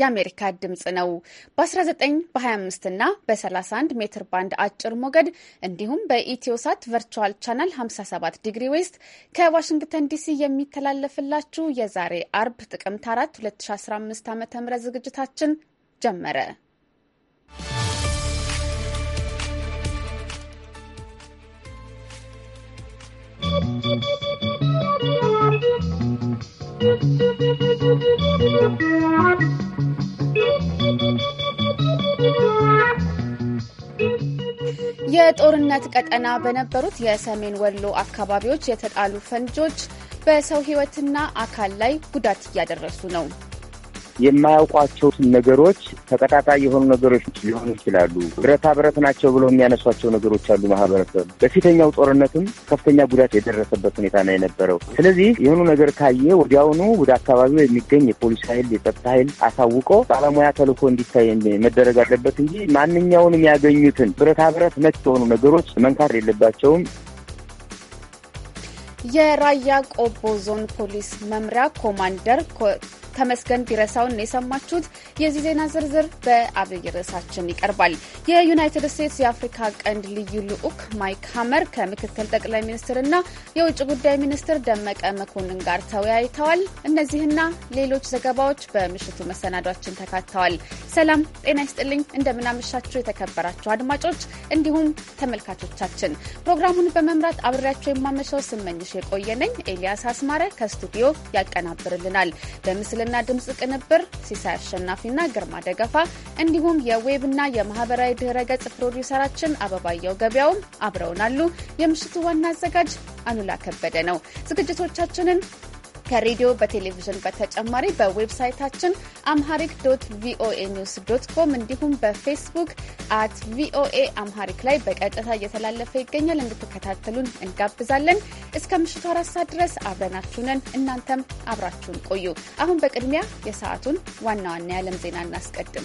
የአሜሪካ ድምፅ ነው። በ19 በ25 እና በ31 ሜትር ባንድ አጭር ሞገድ እንዲሁም በኢትዮሳት ቨርቹዋል ቻናል 57 ዲግሪ ዌስት ከዋሽንግተን ዲሲ የሚተላለፍላችሁ የዛሬ አርብ ጥቅምት 4 2015 ም ዝግጅታችን ጀመረ። Thank you. የጦርነት ቀጠና በነበሩት የሰሜን ወሎ አካባቢዎች የተጣሉ ፈንጆች በሰው ሕይወትና አካል ላይ ጉዳት እያደረሱ ነው። የማያውቋቸው ነገሮች ተቀጣጣይ የሆኑ ነገሮች ሊሆኑ ይችላሉ። ብረታ ብረት ናቸው ብለው የሚያነሷቸው ነገሮች አሉ። ማህበረሰብ በፊተኛው ጦርነትም ከፍተኛ ጉዳት የደረሰበት ሁኔታ ነው የነበረው። ስለዚህ የሆኑ ነገር ካየ ወዲያውኑ ወደ አካባቢው የሚገኝ የፖሊስ ኃይል፣ የጸጥታ ኃይል አሳውቆ ባለሙያ ተልኮ እንዲታይ መደረግ አለበት እንጂ ማንኛውንም ያገኙትን ብረታ ብረት ነክ የሆኑ ነገሮች መንካት የለባቸውም። የራያ ቆቦ ዞን ፖሊስ መምሪያ ኮማንደር ተመስገን ቢረሳውን የሰማችሁት። የዚህ ዜና ዝርዝር በአብይ ርዕሳችን ይቀርባል። የዩናይትድ ስቴትስ የአፍሪካ ቀንድ ልዩ ልዑክ ማይክ ሀመር ከምክትል ጠቅላይ ሚኒስትርና የውጭ ጉዳይ ሚኒስትር ደመቀ መኮንን ጋር ተወያይተዋል። እነዚህና ሌሎች ዘገባዎች በምሽቱ መሰናዷችን ተካተዋል። ሰላም ጤና ይስጥልኝ። እንደምናመሻችሁ የተከበራችሁ አድማጮች እንዲሁም ተመልካቾቻችን ፕሮግራሙን በመምራት አብሬያቸው የማመሻው ስመኝሽ የቆየነኝ ኤልያስ አስማረ ከስቱዲዮ ያቀናብርልናል በምስል የምስልና ድምፅ ቅንብር ሲሳይ አሸናፊና ግርማ ደገፋ እንዲሁም የዌብና የማህበራዊ ድህረ ገጽ ፕሮዲውሰራችን አበባየው ገበያውም አብረውናሉ። የምሽቱ ዋና አዘጋጅ አሉላ ከበደ ነው። ዝግጅቶቻችንን ከሬዲዮ በቴሌቪዥን በተጨማሪ በዌብሳይታችን አምሃሪክ ዶት ቪኦኤ ኒውስ ዶት ኮም እንዲሁም በፌስቡክ አት ቪኦኤ አምሃሪክ ላይ በቀጥታ እየተላለፈ ይገኛል። እንድትከታተሉን እንጋብዛለን። እስከ ምሽቱ አራት ሰዓት ድረስ አብረናችሁነን፣ እናንተም አብራችሁን ቆዩ። አሁን በቅድሚያ የሰዓቱን ዋና ዋና የዓለም ዜና እናስቀድም።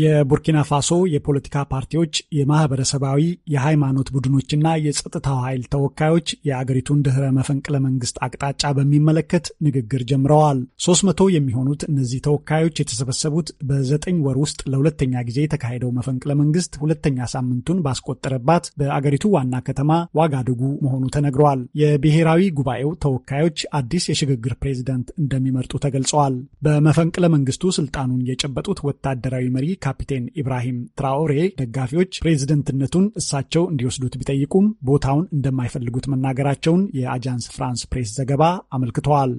የቡርኪና ፋሶ የፖለቲካ ፓርቲዎች፣ የማህበረሰባዊ የሃይማኖት ቡድኖችና የጸጥታው ኃይል ተወካዮች የአገሪቱን ድህረ መፈንቅለ መንግስት አቅጣጫ በሚመለከት ንግግር ጀምረዋል። ሶስት መቶ የሚሆኑት እነዚህ ተወካዮች የተሰበሰቡት በዘጠኝ ወር ውስጥ ለሁለተኛ ጊዜ የተካሄደው መፈንቅለ መንግስት ሁለተኛ ሳምንቱን ባስቆጠረባት በአገሪቱ ዋና ከተማ ዋጋዱጉ መሆኑ ተነግረዋል። የብሔራዊ ጉባኤው ተወካዮች አዲስ የሽግግር ፕሬዚዳንት እንደሚመርጡ ተገልጸዋል። በመፈንቅለ መንግስቱ ስልጣኑን የጨበጡት ወታደራዊ መሪ ካፒቴን ኢብራሂም ትራኦሬ ደጋፊዎች ፕሬዝደንትነቱን እሳቸው እንዲወስዱት ቢጠይቁም ቦታውን እንደማይፈልጉት መናገራቸውን የአጃንስ ፍራንስ ፕሬስ ዘገባ አመልክተዋል።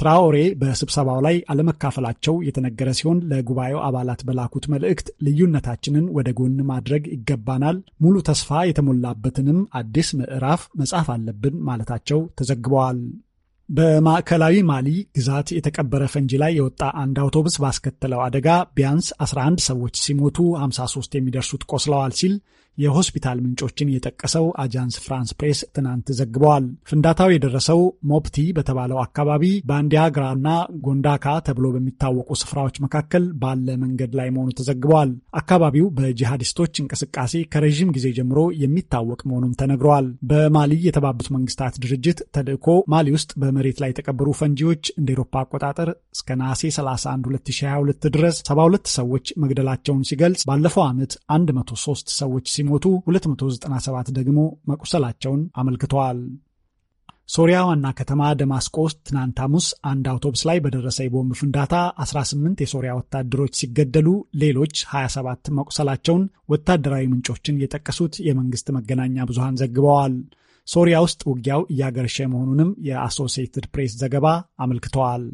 ትራኦሬ በስብሰባው ላይ አለመካፈላቸው የተነገረ ሲሆን ለጉባኤው አባላት በላኩት መልእክት ልዩነታችንን ወደ ጎን ማድረግ ይገባናል፣ ሙሉ ተስፋ የተሞላበትንም አዲስ ምዕራፍ መጻፍ አለብን ማለታቸው ተዘግበዋል። በማዕከላዊ ማሊ ግዛት የተቀበረ ፈንጂ ላይ የወጣ አንድ አውቶቡስ ባስከተለው አደጋ ቢያንስ 11 ሰዎች ሲሞቱ 53 የሚደርሱት ቆስለዋል ሲል የሆስፒታል ምንጮችን የጠቀሰው አጃንስ ፍራንስ ፕሬስ ትናንት ዘግበዋል። ፍንዳታው የደረሰው ሞፕቲ በተባለው አካባቢ ባንዲያግራና ጎንዳካ ተብሎ በሚታወቁ ስፍራዎች መካከል ባለ መንገድ ላይ መሆኑ ተዘግበዋል። አካባቢው በጂሃዲስቶች እንቅስቃሴ ከረዥም ጊዜ ጀምሮ የሚታወቅ መሆኑም ተነግረዋል። በማሊ የተባበሩት መንግስታት ድርጅት ተልዕኮ ማሊ ውስጥ በመሬት ላይ የተቀበሩ ፈንጂዎች እንደ ኤሮፓ አቆጣጠር እስከ ነሐሴ 31 2022 ድረስ 72 ሰዎች መግደላቸውን ሲገልጽ ባለፈው ዓመት 103 ሰዎች ሲ ሲሞቱ 297 ደግሞ መቁሰላቸውን አመልክተዋል። ሶሪያ ዋና ከተማ ደማስቆ ውስጥ ትናንት ሐሙስ አንድ አውቶቡስ ላይ በደረሰ የቦምብ ፍንዳታ 18 የሶሪያ ወታደሮች ሲገደሉ ሌሎች 27 መቁሰላቸውን ወታደራዊ ምንጮችን የጠቀሱት የመንግስት መገናኛ ብዙሃን ዘግበዋል። ሶሪያ ውስጥ ውጊያው እያገረሸ መሆኑንም የአሶሲየትድ ፕሬስ ዘገባ አመልክተዋል።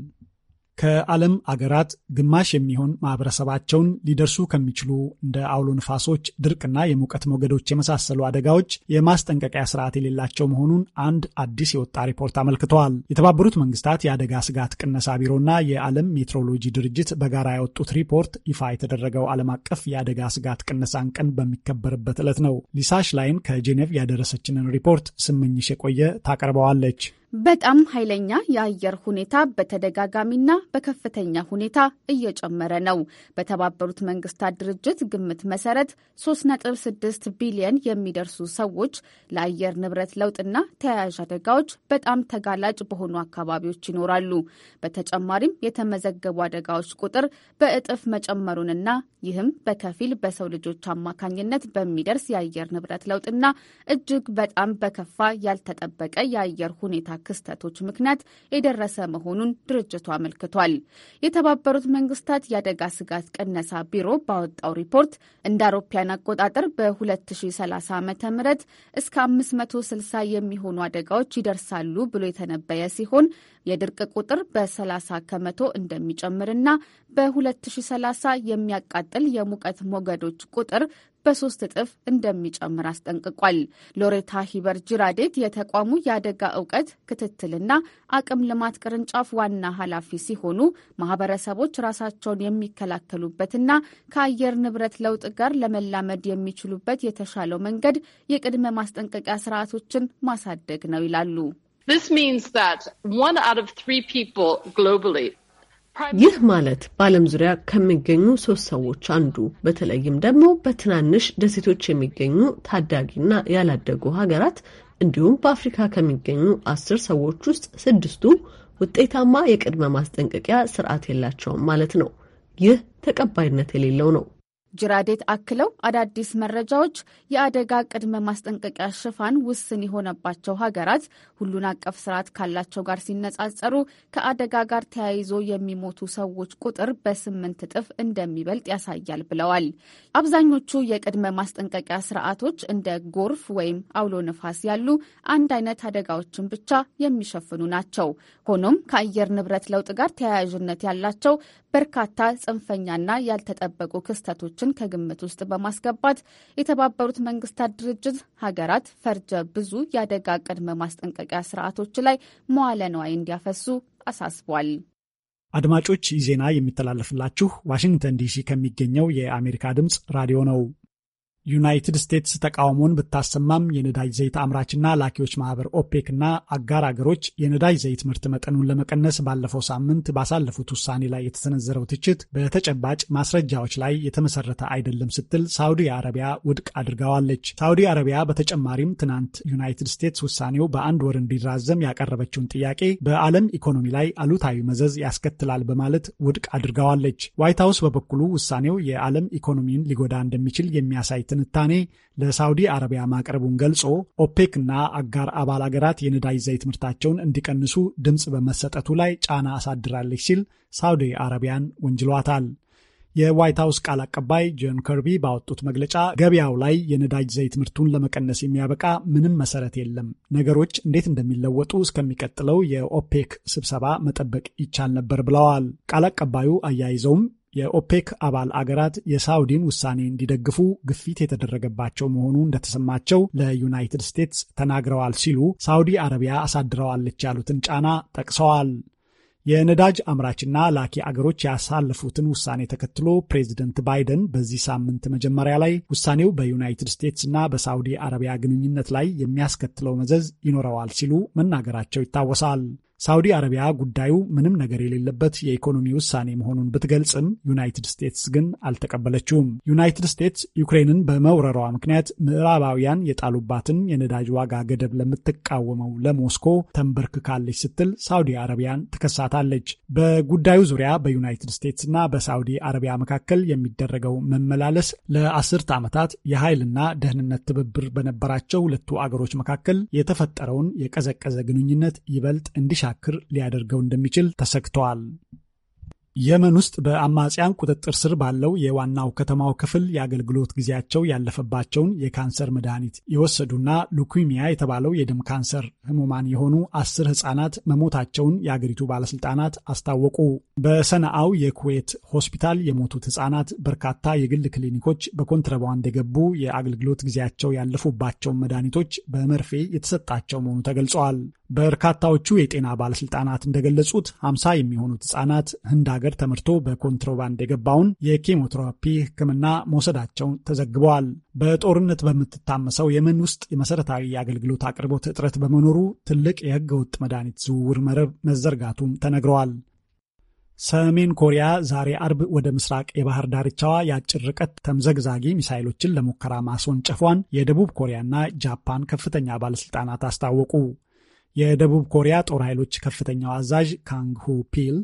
ከዓለም አገራት ግማሽ የሚሆን ማህበረሰባቸውን ሊደርሱ ከሚችሉ እንደ አውሎ ንፋሶች፣ ድርቅና የሙቀት ሞገዶች የመሳሰሉ አደጋዎች የማስጠንቀቂያ ስርዓት የሌላቸው መሆኑን አንድ አዲስ የወጣ ሪፖርት አመልክተዋል። የተባበሩት መንግስታት የአደጋ ስጋት ቅነሳ ቢሮና የዓለም ሜትሮሎጂ ድርጅት በጋራ ያወጡት ሪፖርት ይፋ የተደረገው ዓለም አቀፍ የአደጋ ስጋት ቅነሳን ቀን በሚከበርበት ዕለት ነው። ሊሳሽ ላይን ከጄኔቭ ያደረሰችንን ሪፖርት ስመኝሽ የቆየ ታቀርበዋለች። በጣም ኃይለኛ የአየር ሁኔታ በተደጋጋሚና በከፍተኛ ሁኔታ እየጨመረ ነው። በተባበሩት መንግስታት ድርጅት ግምት መሰረት 3.6 ቢሊየን የሚደርሱ ሰዎች ለአየር ንብረት ለውጥና ተያያዥ አደጋዎች በጣም ተጋላጭ በሆኑ አካባቢዎች ይኖራሉ። በተጨማሪም የተመዘገቡ አደጋዎች ቁጥር በእጥፍ መጨመሩንና ይህም በከፊል በሰው ልጆች አማካኝነት በሚደርስ የአየር ንብረት ለውጥና እጅግ በጣም በከፋ ያልተጠበቀ የአየር ሁኔታ ክስተቶች ምክንያት የደረሰ መሆኑን ድርጅቱ አመልክቷል። የተባበሩት መንግስታት የአደጋ ስጋት ቀነሳ ቢሮ ባወጣው ሪፖርት እንደ አውሮፓያን አቆጣጠር በ2030 ዓ ም እስከ 560 የሚሆኑ አደጋዎች ይደርሳሉ ብሎ የተነበየ ሲሆን የድርቅ ቁጥር በ30 ከመቶ እንደሚጨምርና በ2030 የሚያቃጥል የሙቀት ሞገዶች ቁጥር በሶስት እጥፍ እንደሚጨምር አስጠንቅቋል። ሎሬታ ሂበር ጅራዴት የተቋሙ የአደጋ እውቀት ክትትልና አቅም ልማት ቅርንጫፍ ዋና ኃላፊ ሲሆኑ ማህበረሰቦች ራሳቸውን የሚከላከሉበትና ከአየር ንብረት ለውጥ ጋር ለመላመድ የሚችሉበት የተሻለው መንገድ የቅድመ ማስጠንቀቂያ ስርዓቶችን ማሳደግ ነው ይላሉ። This means that one out of three people globally ይህ ማለት በዓለም ዙሪያ ከሚገኙ ሶስት ሰዎች አንዱ በተለይም ደግሞ በትናንሽ ደሴቶች የሚገኙ ታዳጊና ያላደጉ ሀገራት እንዲሁም በአፍሪካ ከሚገኙ አስር ሰዎች ውስጥ ስድስቱ ውጤታማ የቅድመ ማስጠንቀቂያ ስርዓት የላቸውም ማለት ነው። ይህ ተቀባይነት የሌለው ነው። ጅራዴት አክለው አዳዲስ መረጃዎች የአደጋ ቅድመ ማስጠንቀቂያ ሽፋን ውስን የሆነባቸው ሀገራት ሁሉን አቀፍ ስርዓት ካላቸው ጋር ሲነጻጸሩ ከአደጋ ጋር ተያይዞ የሚሞቱ ሰዎች ቁጥር በስምንት እጥፍ እንደሚበልጥ ያሳያል ብለዋል። አብዛኞቹ የቅድመ ማስጠንቀቂያ ስርዓቶች እንደ ጎርፍ ወይም አውሎ ነፋስ ያሉ አንድ አይነት አደጋዎችን ብቻ የሚሸፍኑ ናቸው። ሆኖም ከአየር ንብረት ለውጥ ጋር ተያያዥነት ያላቸው በርካታ ጽንፈኛና ያልተጠበቁ ክስተቶችን ከግምት ውስጥ በማስገባት የተባበሩት መንግስታት ድርጅት ሀገራት ፈርጀ ብዙ የአደጋ ቅድመ ማስጠንቀቂያ ስርዓቶች ላይ መዋለ ንዋይ እንዲያፈሱ አሳስቧል። አድማጮች ዜና የሚተላለፍላችሁ ዋሽንግተን ዲሲ ከሚገኘው የአሜሪካ ድምፅ ራዲዮ ነው። ዩናይትድ ስቴትስ ተቃውሞን ብታሰማም የነዳጅ ዘይት አምራችና ላኪዎች ማህበር ኦፔክ አጋር አገሮች የነዳጅ ዘይት ምርት መጠኑን ለመቀነስ ባለፈው ሳምንት ባሳለፉት ውሳኔ ላይ የተሰነዘረው ትችት በተጨባጭ ማስረጃዎች ላይ የተመሰረተ አይደለም ስትል ሳውዲ አረቢያ ውድቅ አድርገዋለች። ሳውዲ አረቢያ በተጨማሪም ትናንት ዩናይትድ ስቴትስ ውሳኔው በአንድ ወር እንዲራዘም ያቀረበችውን ጥያቄ በዓለም ኢኮኖሚ ላይ አሉታዊ መዘዝ ያስከትላል በማለት ውድቅ አድርገዋለች። ዋይት ሀውስ በበኩሉ ውሳኔው የዓለም ኢኮኖሚን ሊጎዳ እንደሚችል የሚያሳይ ትንታኔ ለሳውዲ አረቢያ ማቅረቡን ገልጾ ኦፔክና አጋር አባል አገራት የነዳጅ ዘይት ምርታቸውን እንዲቀንሱ ድምፅ በመሰጠቱ ላይ ጫና አሳድራለች ሲል ሳውዲ አረቢያን ወንጅሏታል። የዋይት ሀውስ ቃል አቀባይ ጆን ከርቢ ባወጡት መግለጫ ገበያው ላይ የነዳጅ ዘይት ምርቱን ለመቀነስ የሚያበቃ ምንም መሰረት የለም፣ ነገሮች እንዴት እንደሚለወጡ እስከሚቀጥለው የኦፔክ ስብሰባ መጠበቅ ይቻል ነበር ብለዋል። ቃል አቀባዩ አያይዘውም የኦፔክ አባል አገራት የሳውዲን ውሳኔ እንዲደግፉ ግፊት የተደረገባቸው መሆኑ እንደተሰማቸው ለዩናይትድ ስቴትስ ተናግረዋል ሲሉ ሳውዲ አረቢያ አሳድረዋለች ያሉትን ጫና ጠቅሰዋል። የነዳጅ አምራችና ላኪ አገሮች ያሳለፉትን ውሳኔ ተከትሎ ፕሬዚደንት ባይደን በዚህ ሳምንት መጀመሪያ ላይ ውሳኔው በዩናይትድ ስቴትስ እና በሳውዲ አረቢያ ግንኙነት ላይ የሚያስከትለው መዘዝ ይኖረዋል ሲሉ መናገራቸው ይታወሳል። ሳውዲ አረቢያ ጉዳዩ ምንም ነገር የሌለበት የኢኮኖሚ ውሳኔ መሆኑን ብትገልጽም ዩናይትድ ስቴትስ ግን አልተቀበለችውም። ዩናይትድ ስቴትስ ዩክሬንን በመውረሯ ምክንያት ምዕራባውያን የጣሉባትን የነዳጅ ዋጋ ገደብ ለምትቃወመው ለሞስኮ ተንበርክካለች ስትል ሳውዲ አረቢያን ትከሳታለች። በጉዳዩ ዙሪያ በዩናይትድ ስቴትስና በሳውዲ አረቢያ መካከል የሚደረገው መመላለስ ለአስርት ዓመታት የኃይልና ደህንነት ትብብር በነበራቸው ሁለቱ አገሮች መካከል የተፈጠረውን የቀዘቀዘ ግንኙነት ይበልጥ እንዲሻ እንዲያጠናክር ሊያደርገው እንደሚችል ተሰግተዋል። የመን ውስጥ በአማጽያን ቁጥጥር ስር ባለው የዋናው ከተማው ክፍል የአገልግሎት ጊዜያቸው ያለፈባቸውን የካንሰር መድኃኒት የወሰዱና ሉኩሚያ የተባለው የደም ካንሰር ህሙማን የሆኑ አስር ህጻናት መሞታቸውን የአገሪቱ ባለስልጣናት አስታወቁ። በሰነአው የኩዌት ሆስፒታል የሞቱት ህጻናት በርካታ የግል ክሊኒኮች በኮንትረባንድ የገቡ የአገልግሎት ጊዜያቸው ያለፉባቸውን መድኃኒቶች በመርፌ የተሰጣቸው መሆኑ ተገልጸዋል። በርካታዎቹ የጤና ባለስልጣናት እንደገለጹት 50 የሚሆኑት ህጻናት ህንዳ ሀገር ተመርቶ በኮንትሮባንድ የገባውን የኬሞትራፒ ሕክምና መውሰዳቸው ተዘግበዋል። በጦርነት በምትታመሰው የመን ውስጥ የመሰረታዊ የአገልግሎት አቅርቦት እጥረት በመኖሩ ትልቅ የህገ ወጥ መድኃኒት ዝውውር መረብ መዘርጋቱም ተነግረዋል። ሰሜን ኮሪያ ዛሬ አርብ ወደ ምስራቅ የባህር ዳርቻዋ የአጭር ርቀት ተምዘግዛጊ ሚሳይሎችን ለሙከራ ማስወንጨፏን የደቡብ ኮሪያና ጃፓን ከፍተኛ ባለሥልጣናት አስታወቁ። የደቡብ ኮሪያ ጦር ኃይሎች ከፍተኛው አዛዥ ካንግሁ ፒል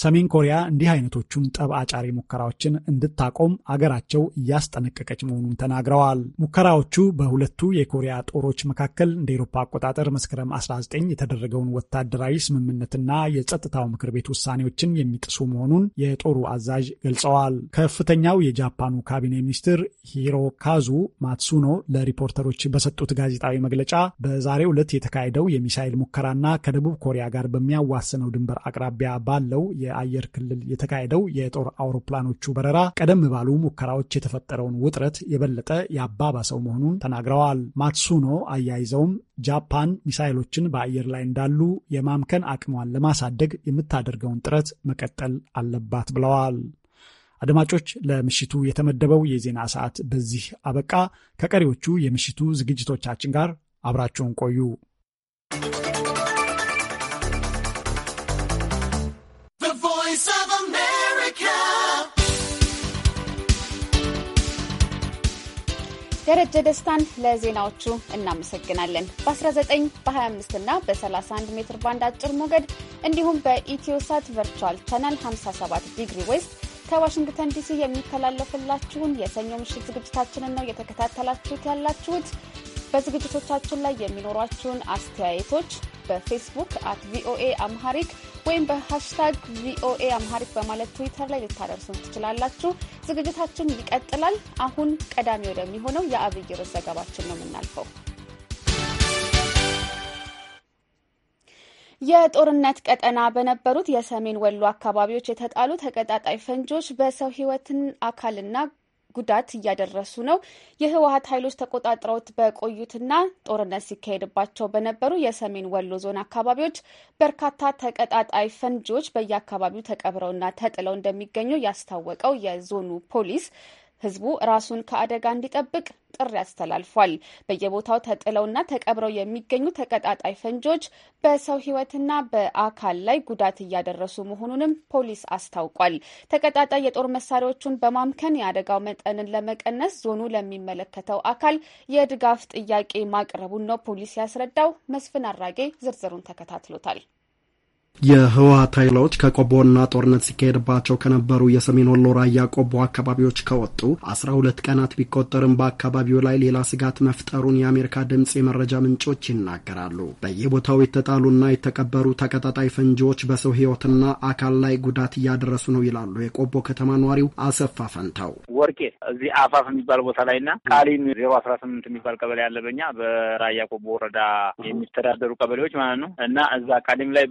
ሰሜን ኮሪያ እንዲህ አይነቶቹን ጠብ አጫሪ ሙከራዎችን እንድታቆም አገራቸው እያስጠነቀቀች መሆኑን ተናግረዋል። ሙከራዎቹ በሁለቱ የኮሪያ ጦሮች መካከል እንደ ኤሮፓ አቆጣጠር መስከረም 19 የተደረገውን ወታደራዊ ስምምነትና የጸጥታው ምክር ቤት ውሳኔዎችን የሚጥሱ መሆኑን የጦሩ አዛዥ ገልጸዋል። ከፍተኛው የጃፓኑ ካቢኔ ሚኒስትር ሂሮካዙ ማትሱኖ ለሪፖርተሮች በሰጡት ጋዜጣዊ መግለጫ በዛሬው ዕለት የተካሄደው የሚሳይል ሙከራና ከደቡብ ኮሪያ ጋር በሚያዋስነው ድንበር አቅራቢያ ባለው የአየር ክልል የተካሄደው የጦር አውሮፕላኖቹ በረራ ቀደም ባሉ ሙከራዎች የተፈጠረውን ውጥረት የበለጠ ያባባሰው መሆኑን ተናግረዋል። ማትሱኖ አያይዘውም ጃፓን ሚሳይሎችን በአየር ላይ እንዳሉ የማምከን አቅሟን ለማሳደግ የምታደርገውን ጥረት መቀጠል አለባት ብለዋል። አድማጮች፣ ለምሽቱ የተመደበው የዜና ሰዓት በዚህ አበቃ። ከቀሪዎቹ የምሽቱ ዝግጅቶቻችን ጋር አብራችሁን ቆዩ። ደረጀ ደስታን ለዜናዎቹ እናመሰግናለን። በ19 በ25 እና በ31 ሜትር ባንድ አጭር ሞገድ እንዲሁም በኢትዮሳት ቨርቹዋል ቻናል 57 ዲግሪ ዌስት ከዋሽንግተን ዲሲ የሚተላለፍላችሁን የሰኞ ምሽት ዝግጅታችንን ነው የተከታተላችሁት ያላችሁት። በዝግጅቶቻችን ላይ የሚኖሯችሁን አስተያየቶች በፌስቡክ አት ቪኦኤ አምሃሪክ ወይም በሃሽታግ ቪኦኤ አምሃሪክ በማለት ትዊተር ላይ ልታደርሱን ትችላላችሁ። ዝግጅታችን ይቀጥላል። አሁን ቀዳሚ ወደሚሆነው የአብይ ርዕስ ዘገባችን ነው የምናልፈው። የጦርነት ቀጠና በነበሩት የሰሜን ወሎ አካባቢዎች የተጣሉ ተቀጣጣይ ፈንጆች በሰው ሕይወትን አካልና ጉዳት እያደረሱ ነው። የህወሀት ኃይሎች ተቆጣጥረውት በቆዩትና ጦርነት ሲካሄድባቸው በነበሩ የሰሜን ወሎ ዞን አካባቢዎች በርካታ ተቀጣጣይ ፈንጂዎች በየአካባቢው ተቀብረውና ተጥለው እንደሚገኙ ያስታወቀው የዞኑ ፖሊስ ህዝቡ ራሱን ከአደጋ እንዲጠብቅ ጥሪ አስተላልፏል። በየቦታው ተጥለውና ተቀብረው የሚገኙ ተቀጣጣይ ፈንጂዎች በሰው ህይወትና በአካል ላይ ጉዳት እያደረሱ መሆኑንም ፖሊስ አስታውቋል። ተቀጣጣይ የጦር መሳሪያዎቹን በማምከን የአደጋው መጠንን ለመቀነስ ዞኑ ለሚመለከተው አካል የድጋፍ ጥያቄ ማቅረቡን ነው ፖሊስ ያስረዳው። መስፍን አራጌ ዝርዝሩን ተከታትሎታል። የህወሀት ኃይሎች ከቆቦና ጦርነት ሲካሄድባቸው ከነበሩ የሰሜን ወሎ ራያ ቆቦ አካባቢዎች ከወጡ አስራ ሁለት ቀናት ቢቆጠርም በአካባቢው ላይ ሌላ ስጋት መፍጠሩን የአሜሪካ ድምፅ የመረጃ ምንጮች ይናገራሉ። በየቦታው የተጣሉና የተቀበሩ ተቀጣጣይ ፈንጂዎች በሰው ህይወትና አካል ላይ ጉዳት እያደረሱ ነው ይላሉ የቆቦ ከተማ ነዋሪው አሰፋ ፈንታው ወርቄ። እዚህ አፋፍ የሚባል ቦታ ላይና ቃሊም ዜሮ አስራ ስምንት የሚባል ቀበሌ ያለ በኛ በራያ ቆቦ ወረዳ የሚተዳደሩ ቀበሌዎች ማለት ነው እና እዛ ቃሊም ላይ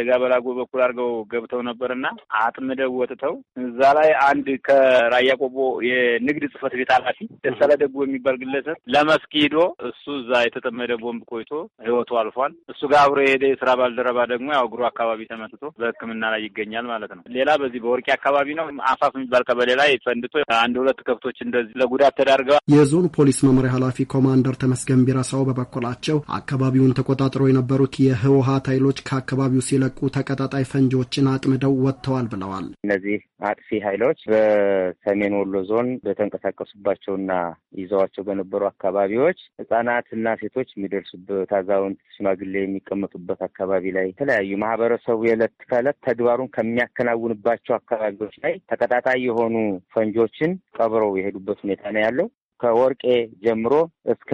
ደጋ በላጎ በኩል አድርገው ገብተው ነበርና አጥምደው ወጥተው እዛ ላይ አንድ ከራያ ቆቦ የንግድ ጽህፈት ቤት ኃላፊ ደሰለ ደጉ የሚባል ግለሰብ ለመስክ ሂዶ እሱ እዛ የተጠመደ ቦምብ ቆይቶ ህይወቱ አልፏል። እሱ ጋር አብሮ የሄደ የስራ ባልደረባ ደግሞ ያው እግሩ አካባቢ ተመትቶ በሕክምና ላይ ይገኛል ማለት ነው። ሌላ በዚህ በወርቂ አካባቢ ነው አፋፍ የሚባል ቀበሌ ላይ ፈንድቶ አንድ ሁለት ከብቶች እንደዚህ ለጉዳት ተዳርገዋል። የዞን ፖሊስ መምሪያ ኃላፊ ኮማንደር ተመስገን ቢራሳው በበኩላቸው አካባቢውን ተቆጣጥሮ የነበሩት የህወሀት ኃይሎች ከአካባቢው ሲለ ያልተጠናቀቁ ተቀጣጣይ ፈንጂዎችን አጥምደው ወጥተዋል ብለዋል። እነዚህ አጥፊ ኃይሎች በሰሜን ወሎ ዞን በተንቀሳቀሱባቸውና ይዘዋቸው በነበሩ አካባቢዎች ህጻናትና ሴቶች የሚደርሱበት፣ አዛውንት፣ ሽማግሌ የሚቀመጡበት አካባቢ ላይ የተለያዩ ማህበረሰቡ የዕለት ከዕለት ተግባሩን ከሚያከናውንባቸው አካባቢዎች ላይ ተቀጣጣይ የሆኑ ፈንጂዎችን ቀብረው የሄዱበት ሁኔታ ነው ያለው። ከወርቄ ጀምሮ እስከ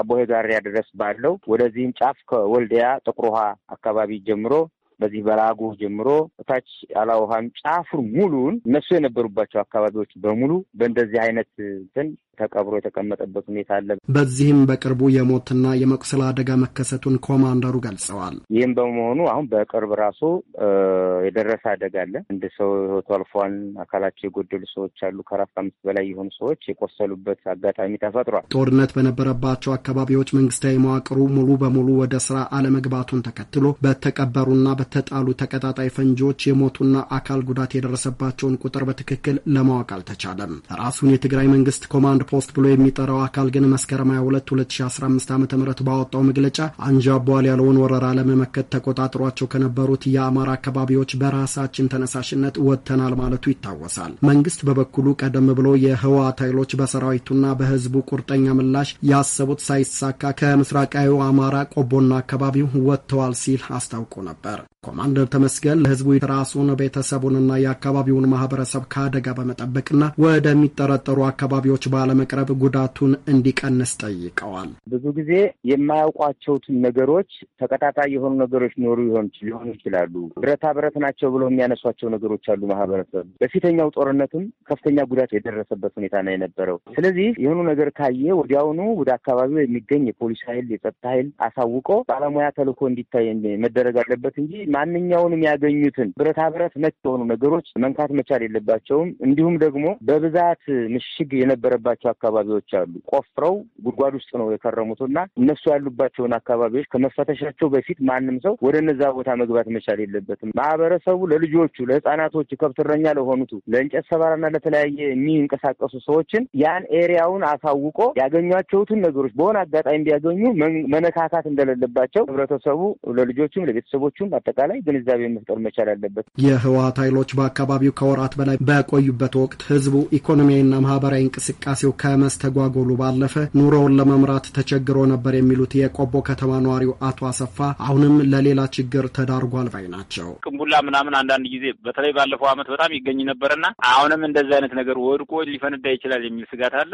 አቦሄ ጋሪያ ድረስ ባለው ወደዚህም ጫፍ ከወልዲያ ጥቁር ውሃ አካባቢ ጀምሮ በዚህ በላጎ ጀምሮ እታች አላውሃም ጫፉን ሙሉን እነሱ የነበሩባቸው አካባቢዎች በሙሉ በእንደዚህ አይነት እንትን ተቀብሮ የተቀመጠበት ሁኔታ አለ። በዚህም በቅርቡ የሞትና የመቁሰል አደጋ መከሰቱን ኮማንደሩ ገልጸዋል። ይህም በመሆኑ አሁን በቅርብ ራሱ የደረሰ አደጋ አለ። አንድ ሰው ህይወቱ አልፏል። አካላቸው የጎደሉ ሰዎች አሉ። ከአራት አምስት በላይ የሆኑ ሰዎች የቆሰሉበት አጋጣሚ ተፈጥሯል። ጦርነት በነበረባቸው አካባቢዎች መንግስታዊ መዋቅሩ ሙሉ በሙሉ ወደ ስራ አለመግባቱን ተከትሎ በተቀበሩና በተጣሉ ተቀጣጣይ ፈንጂዎች የሞቱና አካል ጉዳት የደረሰባቸውን ቁጥር በትክክል ለማወቅ አልተቻለም። ራሱን የትግራይ መንግስት ኮማንድ ፖስት ብሎ የሚጠራው አካል ግን መስከረም 22 2015 ዓ ም ባወጣው መግለጫ አንዣቧል ያለውን ወረራ ለመመከት ተቆጣጥሯቸው ከነበሩት የአማራ አካባቢዎች በራሳችን ተነሳሽነት ወጥተናል ማለቱ ይታወሳል። መንግስት በበኩሉ ቀደም ብሎ የህወሓት ኃይሎች በሰራዊቱና በህዝቡ ቁርጠኛ ምላሽ ያሰቡት ሳይሳካ ከምስራቃዊ አማራ ቆቦና አካባቢው ወጥተዋል ሲል አስታውቆ ነበር። ኮማንደር ተመስገን ለህዝቡ ራሱን ቤተሰቡንና የአካባቢውን ማህበረሰብ ከአደጋ በመጠበቅና ወደሚጠረጠሩ አካባቢዎች ባለመቅረብ ጉዳቱን እንዲቀንስ ጠይቀዋል። ብዙ ጊዜ የማያውቋቸውትን ነገሮች ተቀጣጣይ የሆኑ ነገሮች ኖሩ ሊሆኑ ይችላሉ። ብረታ ብረት ናቸው ብሎ የሚያነሷቸው ነገሮች አሉ። ማህበረሰብ በፊተኛው ጦርነትም ከፍተኛ ጉዳት የደረሰበት ሁኔታ ነው የነበረው። ስለዚህ የሆኑ ነገር ካየ ወዲያውኑ ወደ አካባቢው የሚገኝ የፖሊስ ኃይል፣ የጸጥታ ኃይል አሳውቆ ባለሙያ ተልኮ እንዲታይ መደረግ አለበት እንጂ ማንኛውንም ያገኙትን ብረታ ብረት ነክ የሆኑ ነገሮች መንካት መቻል የለባቸውም። እንዲሁም ደግሞ በብዛት ምሽግ የነበረባቸው አካባቢዎች አሉ። ቆፍረው ጉድጓድ ውስጥ ነው የከረሙትና እነሱ ያሉባቸውን አካባቢዎች ከመፈተሻቸው በፊት ማንም ሰው ወደ እነዛ ቦታ መግባት መቻል የለበትም። ማህበረሰቡ ለልጆቹ፣ ለህፃናቶቹ፣ ከብትረኛ ለሆኑቱ፣ ለእንጨት ሰባራና ለተለያየ የሚንቀሳቀሱ ሰዎችን ያን ኤሪያውን አሳውቆ ያገኟቸውትን ነገሮች በሆነ አጋጣሚ ቢያገኙ መነካካት እንደሌለባቸው ህብረተሰቡ ለልጆቹም ለቤተሰቦቹም አጠቃ ላይ ግንዛቤ መፍጠር መቻል አለበት። የህወሀት ኃይሎች በአካባቢው ከወራት በላይ በቆዩበት ወቅት ህዝቡ ኢኮኖሚያዊና ማህበራዊ እንቅስቃሴው ከመስተጓጎሉ ባለፈ ኑሮውን ለመምራት ተቸግሮ ነበር የሚሉት የቆቦ ከተማ ነዋሪው አቶ አሰፋ አሁንም ለሌላ ችግር ተዳርጓል ባይ ናቸው። ቅንቡላ ምናምን አንዳንድ ጊዜ በተለይ ባለፈው ዓመት በጣም ይገኝ ነበርና አሁንም እንደዚህ አይነት ነገር ወድቆ ሊፈነዳ ይችላል የሚል ስጋት አለ።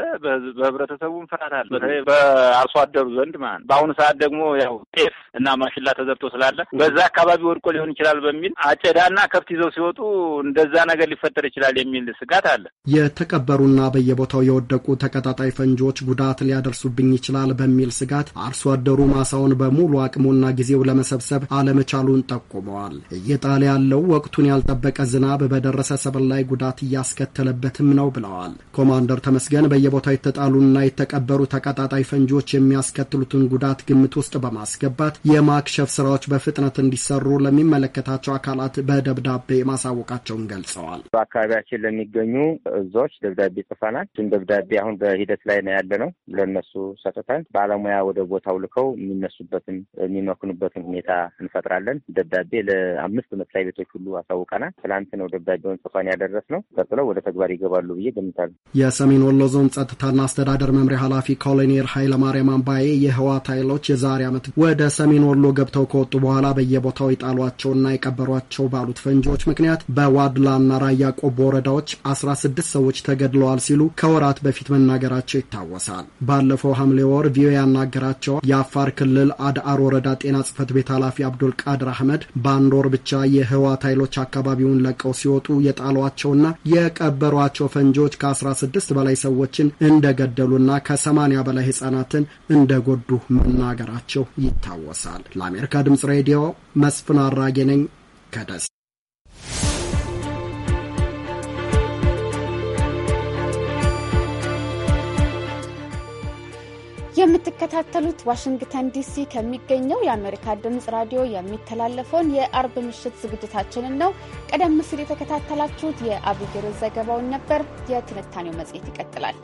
በህብረተሰቡም ፍርሃት አለ፣ በተለይ በአርሶ አደሩ ዘንድ ማለት በአሁኑ ሰዓት ደግሞ ያው ጤፍ እና ማሽላ ተዘርቶ ስላለ በዛ አካባቢ ወድቆ ሊሆን ይችላል በሚል አጨዳና ከብት ይዘው ሲወጡ እንደዛ ነገር ሊፈጠር ይችላል የሚል ስጋት አለ። የተቀበሩና በየቦታው የወደቁ ተቀጣጣይ ፈንጂዎች ጉዳት ሊያደርሱብኝ ይችላል በሚል ስጋት አርሶ አደሩ ማሳውን በሙሉ አቅሙና ጊዜው ለመሰብሰብ አለመቻሉን ጠቁመዋል። እየጣለ ያለው ወቅቱን ያልጠበቀ ዝናብ በደረሰ ሰብል ላይ ጉዳት እያስከተለበትም ነው ብለዋል። ኮማንደር ተመስገን በየቦታው የተጣሉና የተቀበሩ ተቀጣጣይ ፈንጂዎች የሚያስከትሉትን ጉዳት ግምት ውስጥ በማስገባት የማክሸፍ ስራዎች በፍጥነት እንዲሰሩ ለሚመለከታቸው አካላት በደብዳቤ ማሳወቃቸውን ገልጸዋል። በአካባቢያችን ለሚገኙ እዞች ደብዳቤ ጽፈናል። እሱን ደብዳቤ አሁን በሂደት ላይ ነው ያለ ነው። ለነሱ ሰጥተን ባለሙያ ወደ ቦታው ልከው የሚነሱበትን የሚመክኑበትን ሁኔታ እንፈጥራለን። ደብዳቤ ለአምስት መስሪያ ቤቶች ሁሉ አሳውቀናል። ትላንት ነው ደብዳቤውን ጽፈን ያደረስ ነው። ቀጥለው ወደ ተግባር ይገባሉ ብዬ ገምታለሁ። የሰሜን ወሎ ዞን ጸጥታና አስተዳደር መምሪያ ኃላፊ ኮሎኔል ኃይለማርያም አምባዬ የህዋት ኃይሎች የዛሬ ዓመት ወደ ሰሜን ወሎ ገብተው ከወጡ በኋላ በየቦታው ይጣሉ ያሏቸውና የቀበሯቸው ባሉት ፈንጂዎች ምክንያት በዋድላና ራያ ቆቦ ወረዳዎች 16 ሰዎች ተገድለዋል ሲሉ ከወራት በፊት መናገራቸው ይታወሳል። ባለፈው ሐምሌ ወር ቪኦኤ ያናገራቸው የአፋር ክልል አድአር ወረዳ ጤና ጽህፈት ቤት ኃላፊ አብዱል ቃድር አህመድ በአንድ ወር ብቻ የህወሓት ኃይሎች አካባቢውን ለቀው ሲወጡ የጣሏቸውና የቀበሯቸው ፈንጂዎች ከ16 በላይ ሰዎችን እንደገደሉና ከ80 በላይ ህጻናትን እንደጎዱ መናገራቸው ይታወሳል። ለአሜሪካ ድምጽ ሬዲዮ መስፍን አራጌ ነኝ ከደስ የምትከታተሉት ዋሽንግተን ዲሲ ከሚገኘው የአሜሪካ ድምፅ ራዲዮ የሚተላለፈውን የአርብ ምሽት ዝግጅታችንን ነው። ቀደም ሲል የተከታተላችሁት የአብጌር ዘገባውን ነበር። የትንታኔው መጽሔት ይቀጥላል።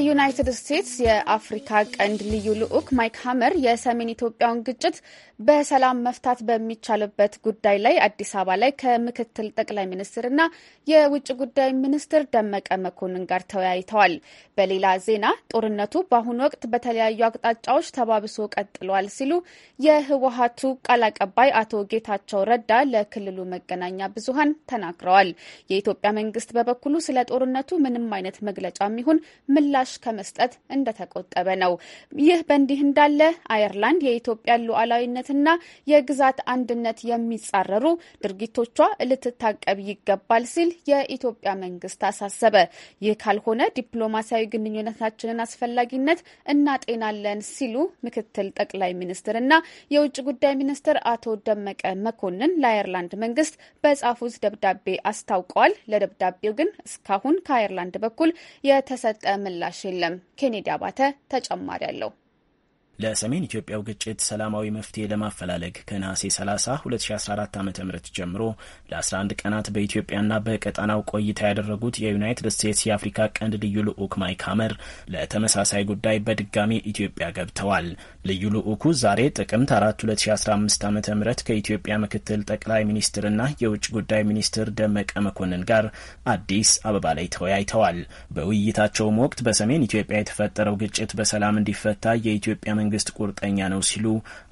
የዩናይትድ ስቴትስ የአፍሪካ ቀንድ ልዩ ልዑክ ማይክ ሀመር የሰሜን ኢትዮጵያውን ግጭት በሰላም መፍታት በሚቻልበት ጉዳይ ላይ አዲስ አበባ ላይ ከምክትል ጠቅላይ ሚኒስትርና የውጭ ጉዳይ ሚኒስትር ደመቀ መኮንን ጋር ተወያይተዋል። በሌላ ዜና ጦርነቱ በአሁኑ ወቅት በተለያዩ አቅጣጫዎች ተባብሶ ቀጥሏል ሲሉ የህወሀቱ ቃል አቀባይ አቶ ጌታቸው ረዳ ለክልሉ መገናኛ ብዙሀን ተናግረዋል። የኢትዮጵያ መንግስት በበኩሉ ስለ ጦርነቱ ምንም አይነት መግለጫ የሚሆን ምላሽ ምላሽ ከመስጠት እንደተቆጠበ ነው። ይህ በእንዲህ እንዳለ አየርላንድ የኢትዮጵያን ሉዓላዊነትና የግዛት አንድነት የሚጻረሩ ድርጊቶቿ ልትታቀብ ይገባል ሲል የኢትዮጵያ መንግስት አሳሰበ። ይህ ካልሆነ ዲፕሎማሲያዊ ግንኙነታችንን አስፈላጊነት እናጤናለን ሲሉ ምክትል ጠቅላይ ሚኒስትርና የውጭ ጉዳይ ሚኒስትር አቶ ደመቀ መኮንን ለአየርላንድ መንግስት በጻፉት ደብዳቤ አስታውቀዋል። ለደብዳቤው ግን እስካሁን ከአየርላንድ በኩል የተሰጠ ምላሽ ምላሽ የለም። ኬኔዲ አባተ ተጨማሪ አለው። ለሰሜን ኢትዮጵያው ግጭት ሰላማዊ መፍትሄ ለማፈላለግ ከነሐሴ 30 2014 ዓ ም ጀምሮ ለ11 ቀናት በኢትዮጵያና በቀጠናው ቆይታ ያደረጉት የዩናይትድ ስቴትስ የአፍሪካ ቀንድ ልዩ ልዑክ ማይክ ሀመር ለተመሳሳይ ጉዳይ በድጋሚ ኢትዮጵያ ገብተዋል። ልዩ ልዑኩ ዛሬ ጥቅምት 4 2015 ዓ ም ከኢትዮጵያ ምክትል ጠቅላይ ሚኒስትርና የውጭ ጉዳይ ሚኒስትር ደመቀ መኮንን ጋር አዲስ አበባ ላይ ተወያይተዋል። በውይይታቸውም ወቅት በሰሜን ኢትዮጵያ የተፈጠረው ግጭት በሰላም እንዲፈታ የኢትዮጵያ መንግስት ቁርጠኛ ነው ሲሉ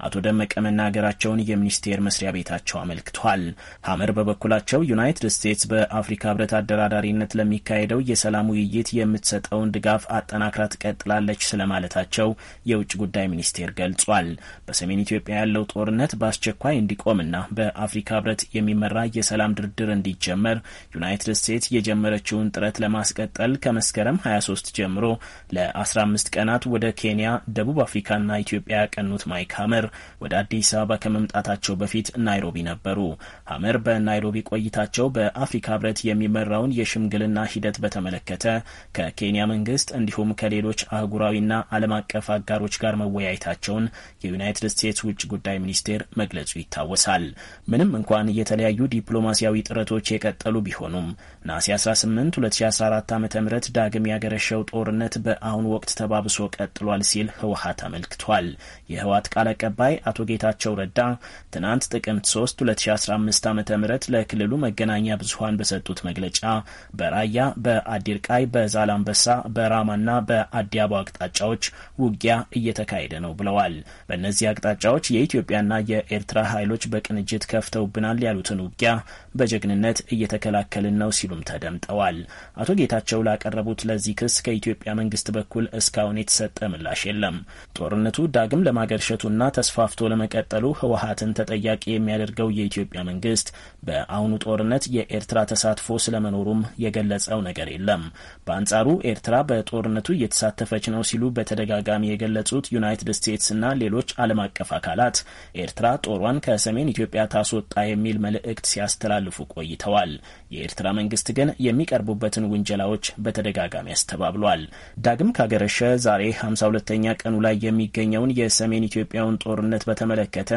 አቶ ደመቀ መናገራቸውን የሚኒስቴር መስሪያ ቤታቸው አመልክቷል። ሀመር በበኩላቸው ዩናይትድ ስቴትስ በአፍሪካ ህብረት አደራዳሪነት ለሚካሄደው የሰላም ውይይት የምትሰጠውን ድጋፍ አጠናክራ ትቀጥላለች ስለማለታቸው የውጭ ጉዳይ ሚኒስቴር ሚኒስቴር ገልጿል። በሰሜን ኢትዮጵያ ያለው ጦርነት በአስቸኳይ እንዲቆምና በአፍሪካ ህብረት የሚመራ የሰላም ድርድር እንዲጀመር ዩናይትድ ስቴትስ የጀመረችውን ጥረት ለማስቀጠል ከመስከረም 23 ጀምሮ ለ15 ቀናት ወደ ኬንያ፣ ደቡብ አፍሪካና ኢትዮጵያ ያቀኑት ማይክ ሀመር ወደ አዲስ አበባ ከመምጣታቸው በፊት ናይሮቢ ነበሩ። ሀመር በናይሮቢ ቆይታቸው በአፍሪካ ህብረት የሚመራውን የሽምግልና ሂደት በተመለከተ ከኬንያ መንግስት እንዲሁም ከሌሎች አህጉራዊና ዓለም አቀፍ አጋሮች ጋር መወያየታ ማድረጋቸውን የዩናይትድ ስቴትስ ውጭ ጉዳይ ሚኒስቴር መግለጹ ይታወሳል። ምንም እንኳን የተለያዩ ዲፕሎማሲያዊ ጥረቶች የቀጠሉ ቢሆኑም ነሐሴ 18 2014 ዓ ም ዳግም ያገረሸው ጦርነት በአሁኑ ወቅት ተባብሶ ቀጥሏል ሲል ህወሀት አመልክቷል። የህወሀት ቃል አቀባይ አቶ ጌታቸው ረዳ ትናንት ጥቅምት 3 2015 ዓ ም ለክልሉ መገናኛ ብዙሀን በሰጡት መግለጫ በራያ በአዲርቃይ በዛላምበሳ በራማና በአዲያቦ አቅጣጫዎች ውጊያ እየተካሄደ ነው ብለዋል። በእነዚህ አቅጣጫዎች የኢትዮጵያና የኤርትራ ኃይሎች በቅንጅት ከፍተውብናል ያሉትን ውጊያ በጀግንነት እየተከላከልን ነው ሲሉም ተደምጠዋል። አቶ ጌታቸው ላቀረቡት ለዚህ ክስ ከኢትዮጵያ መንግስት በኩል እስካሁን የተሰጠ ምላሽ የለም። ጦርነቱ ዳግም ለማገርሸቱና ተስፋፍቶ ለመቀጠሉ ህወሀትን ተጠያቂ የሚያደርገው የኢትዮጵያ መንግስት በአሁኑ ጦርነት የኤርትራ ተሳትፎ ስለመኖሩም የገለጸው ነገር የለም። በአንጻሩ ኤርትራ በጦርነቱ እየተሳተፈች ነው ሲሉ በተደጋጋሚ የገለጹት ዩናይትድ ስቴትስ ስቴትስና ሌሎች ዓለም አቀፍ አካላት ኤርትራ ጦሯን ከሰሜን ኢትዮጵያ ታስወጣ የሚል መልእክት ሲያስተላልፉ ቆይተዋል። የኤርትራ መንግስት ግን የሚቀርቡበትን ውንጀላዎች በተደጋጋሚ አስተባብሏል። ዳግም ካገረሸ ዛሬ 52ኛ ቀኑ ላይ የሚገኘውን የሰሜን ኢትዮጵያውን ጦርነት በተመለከተ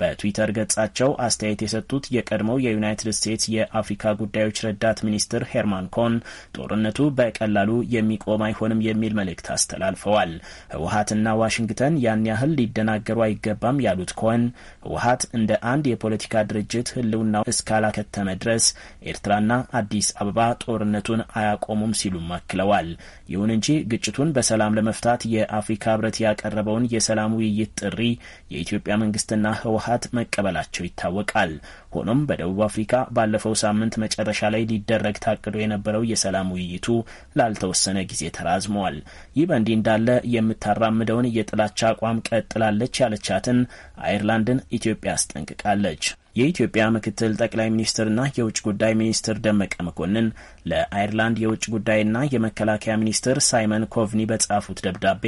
በትዊተር ገጻቸው አስተያየት የሰጡት የቀድሞው የዩናይትድ ስቴትስ የአፍሪካ ጉዳዮች ረዳት ሚኒስትር ሄርማን ኮን ጦርነቱ በቀላሉ የሚቆም አይሆንም የሚል መልእክት አስተላልፈዋል። ህወሀትና ዋሽንግተን ያን ያህል ሊደናገሩ አይገባም ያሉት ኮን ህወሀት እንደ አንድ የፖለቲካ ድርጅት ህልውናው እስካላከተመ ድረስ ኤርትራና አዲስ አበባ ጦርነቱን አያቆሙም ሲሉም አክለዋል። ይሁን እንጂ ግጭቱን በሰላም ለመፍታት የአፍሪካ ህብረት ያቀረበውን የሰላም ውይይት ጥሪ የኢትዮጵያ መንግስትና ህወሀት በመምታት መቀበላቸው ይታወቃል። ሆኖም በደቡብ አፍሪካ ባለፈው ሳምንት መጨረሻ ላይ ሊደረግ ታቅዶ የነበረው የሰላም ውይይቱ ላልተወሰነ ጊዜ ተራዝመዋል። ይህ በእንዲህ እንዳለ የምታራምደውን የጥላቻ አቋም ቀጥላለች ያለቻትን አይርላንድን ኢትዮጵያ አስጠንቅቃለች። የኢትዮጵያ ምክትል ጠቅላይ ሚኒስትርና የውጭ ጉዳይ ሚኒስትር ደመቀ መኮንን ለአይርላንድ የውጭ ጉዳይና የመከላከያ ሚኒስትር ሳይመን ኮቭኒ በጻፉት ደብዳቤ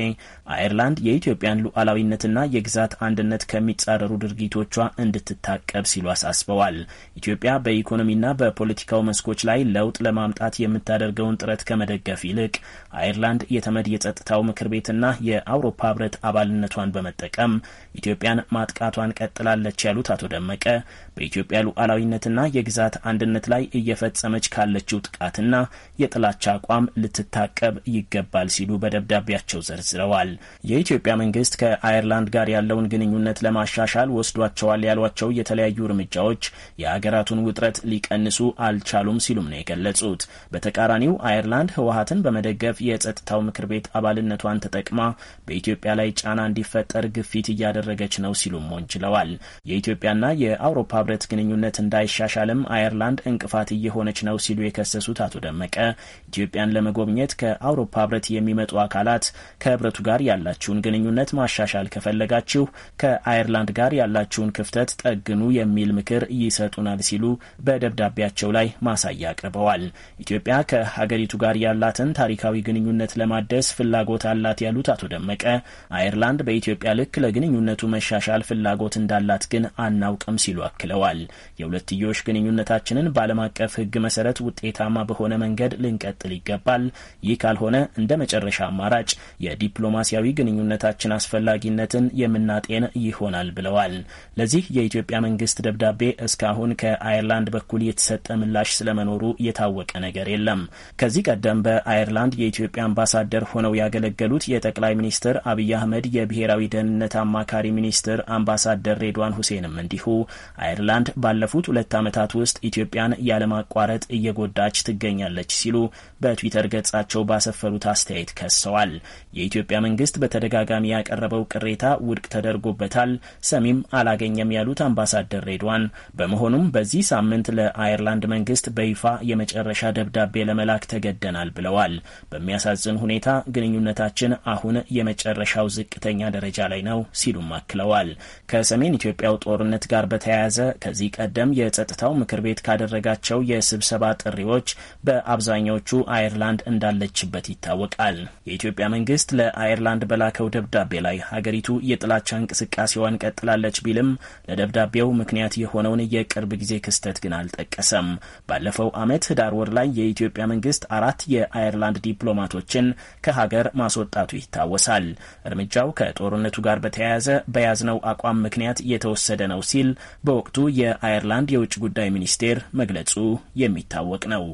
አይርላንድ የኢትዮጵያን ሉዓላዊነትና የግዛት አንድነት ከሚጻረሩ ድርጊቶቿ እንድትታቀብ ሲሉ አሳስበው አቅርበዋል። ኢትዮጵያ በኢኮኖሚና በፖለቲካው መስኮች ላይ ለውጥ ለማምጣት የምታደርገውን ጥረት ከመደገፍ ይልቅ አይርላንድ የተመድ የጸጥታው ምክር ቤትና የአውሮፓ ህብረት አባልነቷን በመጠቀም ኢትዮጵያን ማጥቃቷን ቀጥላለች ያሉት አቶ ደመቀ በኢትዮጵያ ሉዓላዊነትና የግዛት አንድነት ላይ እየፈጸመች ካለችው ጥቃትና የጥላቻ አቋም ልትታቀብ ይገባል ሲሉ በደብዳቤያቸው ዘርዝረዋል። የኢትዮጵያ መንግስት ከአየርላንድ ጋር ያለውን ግንኙነት ለማሻሻል ወስዷቸዋል ያሏቸው የተለያዩ እርምጃዎች የሀገራቱን ውጥረት ሊቀንሱ አልቻሉም ሲሉም ነው የገለጹት። በተቃራኒው አየርላንድ ህወሀትን በመደገፍ የጸጥታው ምክር ቤት አባልነቷን ተጠቅማ በኢትዮጵያ ላይ ጫና እንዲፈጠር ግፊት እያደረገች ነው ሲሉም ወንጅለዋል። የኢትዮጵያና የአውሮፓ ህብረት ግንኙነት እንዳይሻሻልም አየርላንድ እንቅፋት እየሆነች ነው ሲሉ የከሰሱት አቶ ደመቀ ኢትዮጵያን ለመጎብኘት ከአውሮፓ ህብረት የሚመጡ አካላት ከህብረቱ ጋር ያላችሁን ግንኙነት ማሻሻል ከፈለጋችሁ ከአየርላንድ ጋር ያላችሁን ክፍተት ጠግኑ የሚል ምክር ይሰጡናል ሲሉ በደብዳቤያቸው ላይ ማሳያ አቅርበዋል። ኢትዮጵያ ከሀገሪቱ ጋር ያላትን ታሪካዊ ግንኙነት ለማደስ ፍላጎት አላት ያሉት አቶ ደመቀ አየርላንድ በኢትዮጵያ ልክ ለግንኙነቱ መሻሻል ፍላጎት እንዳላት ግን አናውቅም ሲሉ አክለው ብለዋል። የሁለትዮሽ ግንኙነታችንን በዓለም አቀፍ ሕግ መሰረት ውጤታማ በሆነ መንገድ ልንቀጥል ይገባል። ይህ ካልሆነ እንደ መጨረሻ አማራጭ የዲፕሎማሲያዊ ግንኙነታችን አስፈላጊነትን የምናጤን ይሆናል ብለዋል። ለዚህ የኢትዮጵያ መንግስት ደብዳቤ እስካሁን ከአየርላንድ በኩል የተሰጠ ምላሽ ስለመኖሩ የታወቀ ነገር የለም። ከዚህ ቀደም በአየርላንድ የኢትዮጵያ አምባሳደር ሆነው ያገለገሉት የጠቅላይ ሚኒስትር አብይ አህመድ የብሔራዊ ደህንነት አማካሪ ሚኒስትር አምባሳደር ሬድዋን ሁሴንም እንዲሁ ኔዘርላንድ ባለፉት ሁለት ዓመታት ውስጥ ኢትዮጵያን ያለማቋረጥ እየጎዳች ትገኛለች ሲሉ በትዊተር ገጻቸው ባሰፈሩት አስተያየት ከሰዋል። የኢትዮጵያ መንግስት በተደጋጋሚ ያቀረበው ቅሬታ ውድቅ ተደርጎበታል፣ ሰሚም አላገኘም ያሉት አምባሳደር ሬድዋን በመሆኑም በዚህ ሳምንት ለአየርላንድ መንግስት በይፋ የመጨረሻ ደብዳቤ ለመላክ ተገደናል ብለዋል። በሚያሳዝን ሁኔታ ግንኙነታችን አሁን የመጨረሻው ዝቅተኛ ደረጃ ላይ ነው ሲሉም አክለዋል። ከሰሜን ኢትዮጵያው ጦርነት ጋር በተያያዘ ከዚህ ቀደም የጸጥታው ምክር ቤት ካደረጋቸው የስብሰባ ጥሪዎች በአብዛኛዎቹ አየርላንድ እንዳለችበት ይታወቃል። የኢትዮጵያ መንግስት ለአየርላንድ በላከው ደብዳቤ ላይ ሀገሪቱ የጥላቻ እንቅስቃሴዋን ቀጥላለች ቢልም ለደብዳቤው ምክንያት የሆነውን የቅርብ ጊዜ ክስተት ግን አልጠቀሰም። ባለፈው ዓመት ህዳር ወር ላይ የኢትዮጵያ መንግስት አራት የአየርላንድ ዲፕሎማቶችን ከሀገር ማስወጣቱ ይታወሳል። እርምጃው ከጦርነቱ ጋር በተያያዘ በያዝነው አቋም ምክንያት የተወሰደ ነው ሲል በወቅቱ የአየርላንድ የውጭ ጉዳይ ሚኒስቴር መግለጹ የሚታወቅ ነው።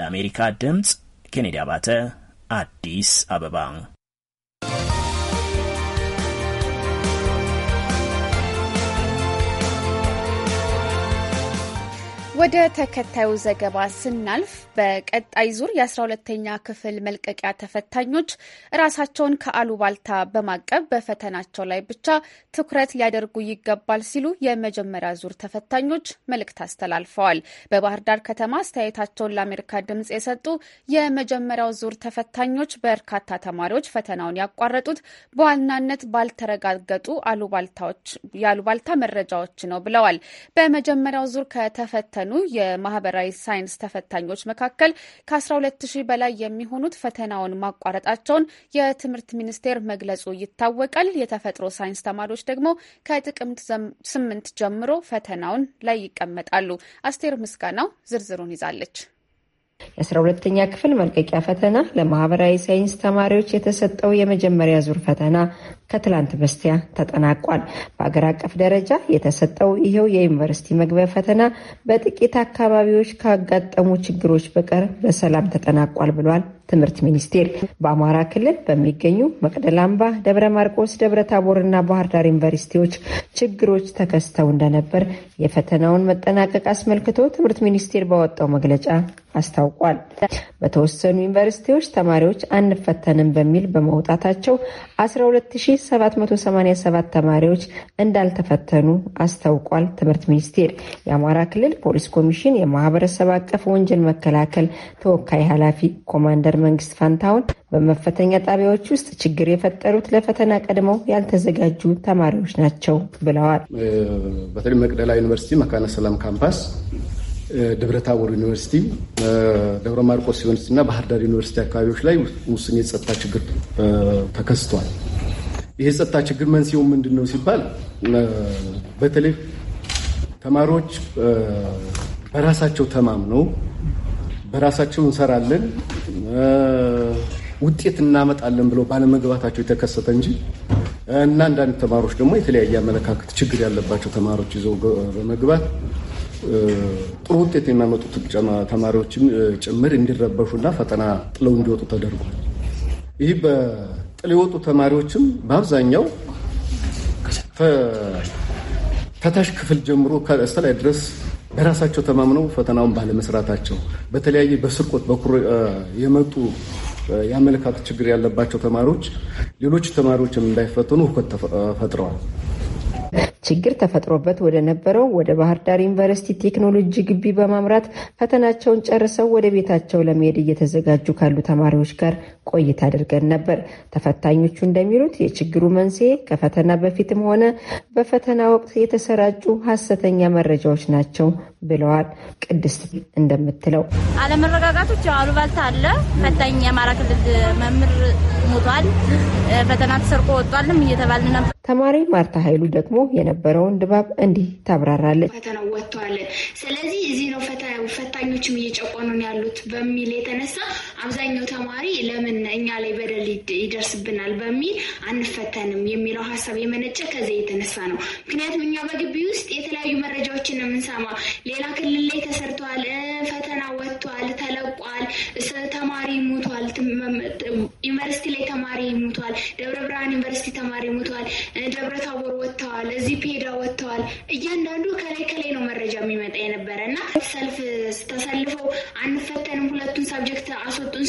ለአሜሪካ ድምፅ ኬኔዲ አባተ አዲስ አበባ ወደ ተከታዩ ዘገባ ስናልፍ በቀጣይ ዙር የ12ተኛ ክፍል መልቀቂያ ተፈታኞች ራሳቸውን ከአሉባልታ በማቀብ በፈተናቸው ላይ ብቻ ትኩረት ሊያደርጉ ይገባል ሲሉ የመጀመሪያ ዙር ተፈታኞች መልእክት አስተላልፈዋል። በባህር ዳር ከተማ አስተያየታቸውን ለአሜሪካ ድምጽ የሰጡ የመጀመሪያው ዙር ተፈታኞች በርካታ ተማሪዎች ፈተናውን ያቋረጡት በዋናነት ባልተረጋገጡ የአሉባልታ መረጃዎች ነው ብለዋል። በመጀመሪያው ዙር ከተፈተኑ ከሚፈተኑ የማህበራዊ ሳይንስ ተፈታኞች መካከል ከ 12000 በላይ የሚሆኑት ፈተናውን ማቋረጣቸውን የትምህርት ሚኒስቴር መግለጹ ይታወቃል። የተፈጥሮ ሳይንስ ተማሪዎች ደግሞ ከጥቅምት ስምንት ጀምሮ ፈተናውን ላይ ይቀመጣሉ። አስቴር ምስጋናው ዝርዝሩን ይዛለች። የአስራ ሁለተኛ ክፍል መልቀቂያ ፈተና ለማህበራዊ ሳይንስ ተማሪዎች የተሰጠው የመጀመሪያ ዙር ፈተና ከትላንት በስቲያ ተጠናቋል። በአገር አቀፍ ደረጃ የተሰጠው ይኸው የዩኒቨርሲቲ መግቢያ ፈተና በጥቂት አካባቢዎች ካጋጠሙ ችግሮች በቀር በሰላም ተጠናቋል ብሏል ትምህርት ሚኒስቴር። በአማራ ክልል በሚገኙ መቅደላ አምባ፣ ደብረ ማርቆስ፣ ደብረ እና ባህር ዳር ዩኒቨርሲቲዎች ችግሮች ተከስተው እንደነበር የፈተናውን መጠናቀቅ አስመልክቶ ትምህርት ሚኒስቴር ባወጣው መግለጫ አስታውቋል። በተወሰኑ ዩኒቨርሲቲዎች ተማሪዎች አንፈተንም በሚል በመውጣታቸው 12 787 ተማሪዎች እንዳልተፈተኑ አስታውቋል። ትምህርት ሚኒስቴር የአማራ ክልል ፖሊስ ኮሚሽን የማህበረሰብ አቀፍ ወንጀል መከላከል ተወካይ ኃላፊ ኮማንደር መንግስት ፋንታውን በመፈተኛ ጣቢያዎች ውስጥ ችግር የፈጠሩት ለፈተና ቀድመው ያልተዘጋጁ ተማሪዎች ናቸው ብለዋል። በተለይ መቅደላ ዩኒቨርሲቲ መካነ ሰላም ካምፓስ፣ ደብረታቦር ዩኒቨርሲቲ፣ ደብረ ማርቆስ ዩኒቨርሲቲ እና ባህርዳር ዩኒቨርሲቲ አካባቢዎች ላይ ውስን የጸጥታ ችግር ተከስቷል። ይሄ ጸጥታ ችግር መንስኤው ምንድን ነው ሲባል በተለይ ተማሪዎች በራሳቸው ተማምነው በራሳቸው እንሰራለን ውጤት እናመጣለን ብለው ባለመግባታቸው የተከሰተ እንጂ እና አንዳንድ ተማሪዎች ደግሞ የተለያየ አመለካከት ችግር ያለባቸው ተማሪዎች ይዘው በመግባት ጥሩ ውጤት የሚያመጡት ተማሪዎችም ጭምር እንዲረበሹና ፈተና ጥለው እንዲወጡ ተደርጓል። ይህ የወጡ ተማሪዎችም በአብዛኛው ተታሽ ክፍል ጀምሮ ከስተላይ ድረስ በራሳቸው ተማምነው ፈተናውን ባለመስራታቸው በተለያየ በስርቆት በኩር የመጡ የአመለካከት ችግር ያለባቸው ተማሪዎች ሌሎች ተማሪዎችም እንዳይፈተኑ ሁከት ፈጥረዋል። ችግር ተፈጥሮበት ወደ ነበረው ወደ ባህር ዳር ዩኒቨርሲቲ ቴክኖሎጂ ግቢ በማምራት ፈተናቸውን ጨርሰው ወደ ቤታቸው ለመሄድ እየተዘጋጁ ካሉ ተማሪዎች ጋር ቆይታ አድርገን ነበር። ተፈታኞቹ እንደሚሉት የችግሩ መንስኤ ከፈተና በፊትም ሆነ በፈተና ወቅት የተሰራጩ ሀሰተኛ መረጃዎች ናቸው ብለዋል። ቅድስት እንደምትለው አለመረጋጋቶች አሉባልታ አለ። ፈታኝ የአማራ ክልል መምህር ሞቷል፣ ፈተና ተሰርቆ ወጧልም እየተባልን ነበር። ተማሪ ማርታ ኃይሉ ደግሞ የነ የነበረውን ድባብ እንዲህ ታብራራለች። ፈተናው ወጥተዋል። ስለዚህ እዚህ ነው ፈታኞችም እየጨቆኑን ያሉት በሚል የተነሳ አብዛኛው ተማሪ ለምን እኛ ላይ በደል ይደርስብናል በሚል አንፈተንም የሚለው ሀሳብ የመነጨ ከዚህ የተነሳ ነው። ምክንያቱም እኛ በግቢ ውስጥ የተለያዩ መረጃዎችን የምንሰማ ሌላ ክልል ላይ ተሰርተዋል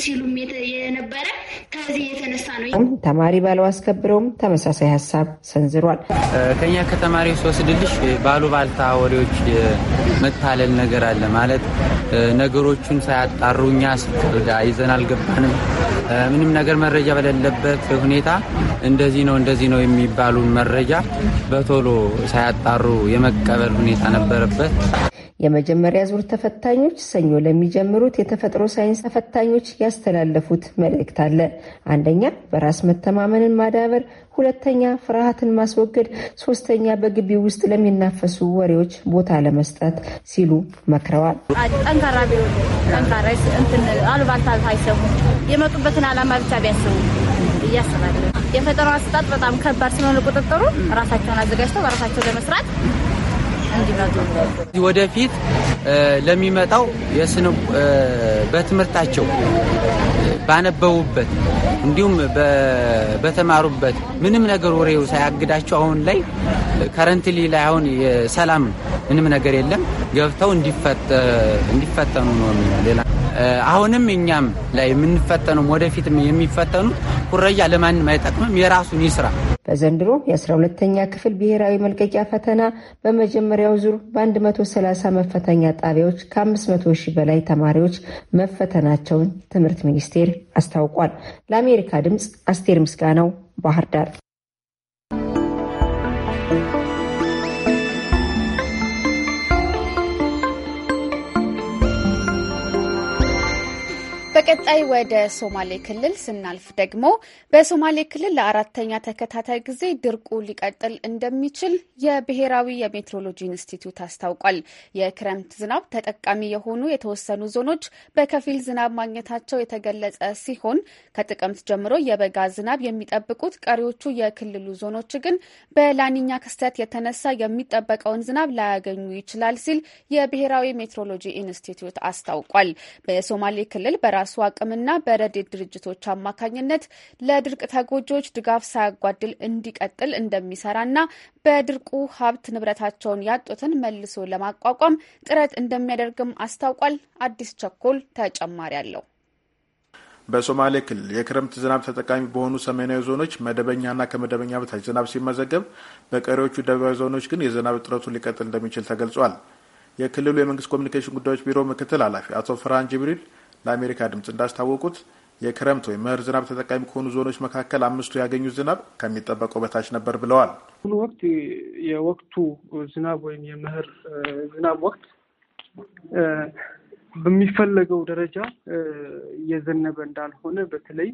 ሲሉም የነበረ ከዚህ የተነሳ ነው። ተማሪ ባለው አስከብረውም ተመሳሳይ ሀሳብ ሰንዝሯል። ከኛ ከተማሪ ስወስድልሽ ባልታ ወሬዎች መታለል ነገር አለ ማለት ነገሮቹን ሳያጣሩ እኛ ይዘን አልገባንም ምንም ነገር መረጃ በሌለበት ሁኔታ እንደዚህ ነው እንደዚህ ነው የሚባሉ መረጃ በቶሎ ሳያጣሩ የመቀበል ሁኔታ ነበረበት። የመጀመሪያ ዙር ተፈታኞች ሰኞ ለሚጀምሩት የተፈጥሮ ሳይንስ ተፈታኞች ያስተላለፉት መልእክት አለ። አንደኛ በራስ መተማመንን ማዳበር፣ ሁለተኛ ፍርሃትን ማስወገድ፣ ሶስተኛ በግቢ ውስጥ ለሚናፈሱ ወሬዎች ቦታ ለመስጠት ሲሉ መክረዋል። ጠንካራ ቢሆን ጠንካራ አሉባልታ አይሰሙ፣ የመጡበትን ዓላማ ብቻ ቢያስቡ እያስባለ የፈጠራ አሰጣጥ በጣም ከባድ ስለሆነ ቁጥጥሩ ራሳቸውን አዘጋጅተው በራሳቸው ለመስራት ወደፊት ለሚመጣው የስነ በትምህርታቸው ባነበቡበት እንዲሁም በተማሩበት ምንም ነገር ወሬው ሳያግዳቸው አሁን ላይ ከረንትሊ ላይ አሁን የሰላም ምንም ነገር የለም ገብተው እንዲፈተኑ ነው ሌላ አሁንም እኛም ላይ የምንፈተኑም ወደፊት የሚፈተኑት ኩረያ ለማንም አይጠቅምም፣ የራሱን ይስራ። በዘንድሮ የ12ተኛ ክፍል ብሔራዊ መልቀቂያ ፈተና በመጀመሪያው ዙር በ130 መፈተኛ ጣቢያዎች ከ500 ሺህ በላይ ተማሪዎች መፈተናቸውን ትምህርት ሚኒስቴር አስታውቋል። ለአሜሪካ ድምፅ አስቴር ምስጋናው ባህር ዳር በቀጣይ ወደ ሶማሌ ክልል ስናልፍ ደግሞ በሶማሌ ክልል ለአራተኛ ተከታታይ ጊዜ ድርቁ ሊቀጥል እንደሚችል የብሔራዊ የሜትሮሎጂ ኢንስቲትዩት አስታውቋል። የክረምት ዝናብ ተጠቃሚ የሆኑ የተወሰኑ ዞኖች በከፊል ዝናብ ማግኘታቸው የተገለጸ ሲሆን ከጥቅምት ጀምሮ የበጋ ዝናብ የሚጠብቁት ቀሪዎቹ የክልሉ ዞኖች ግን በላኒኛ ክስተት የተነሳ የሚጠበቀውን ዝናብ ላያገኙ ይችላል ሲል የብሔራዊ ሜትሮሎጂ ኢንስቲትዩት አስታውቋል። በሶማሌ ክልል በራሱ በራሱ አቅምና በረዴት ድርጅቶች አማካኝነት ለድርቅ ተጎጂዎች ድጋፍ ሳያጓድል እንዲቀጥል እንደሚሰራና በድርቁ ሀብት ንብረታቸውን ያጡትን መልሶ ለማቋቋም ጥረት እንደሚያደርግም አስታውቋል። አዲስ ቸኮል ተጨማሪ አለው። በሶማሌ ክልል የክረምት ዝናብ ተጠቃሚ በሆኑ ሰሜናዊ ዞኖች መደበኛና ከመደበኛ በታች ዝናብ ሲመዘገብ በቀሪዎቹ ደቡባዊ ዞኖች ግን የዝናብ እጥረቱ ሊቀጥል እንደሚችል ተገልጿል። የክልሉ የመንግስት ኮሚኒኬሽን ጉዳዮች ቢሮ ምክትል ኃላፊ አቶ ፍርሃን ጅብሪል ለአሜሪካ ድምጽ እንዳስታወቁት የክረምት ወይም መኸር ዝናብ ተጠቃሚ ከሆኑ ዞኖች መካከል አምስቱ ያገኙ ዝናብ ከሚጠበቀው በታች ነበር ብለዋል። ሁሉ ወቅት የወቅቱ ዝናብ ወይም የመኸር ዝናብ ወቅት በሚፈለገው ደረጃ እየዘነበ እንዳልሆነ በተለይ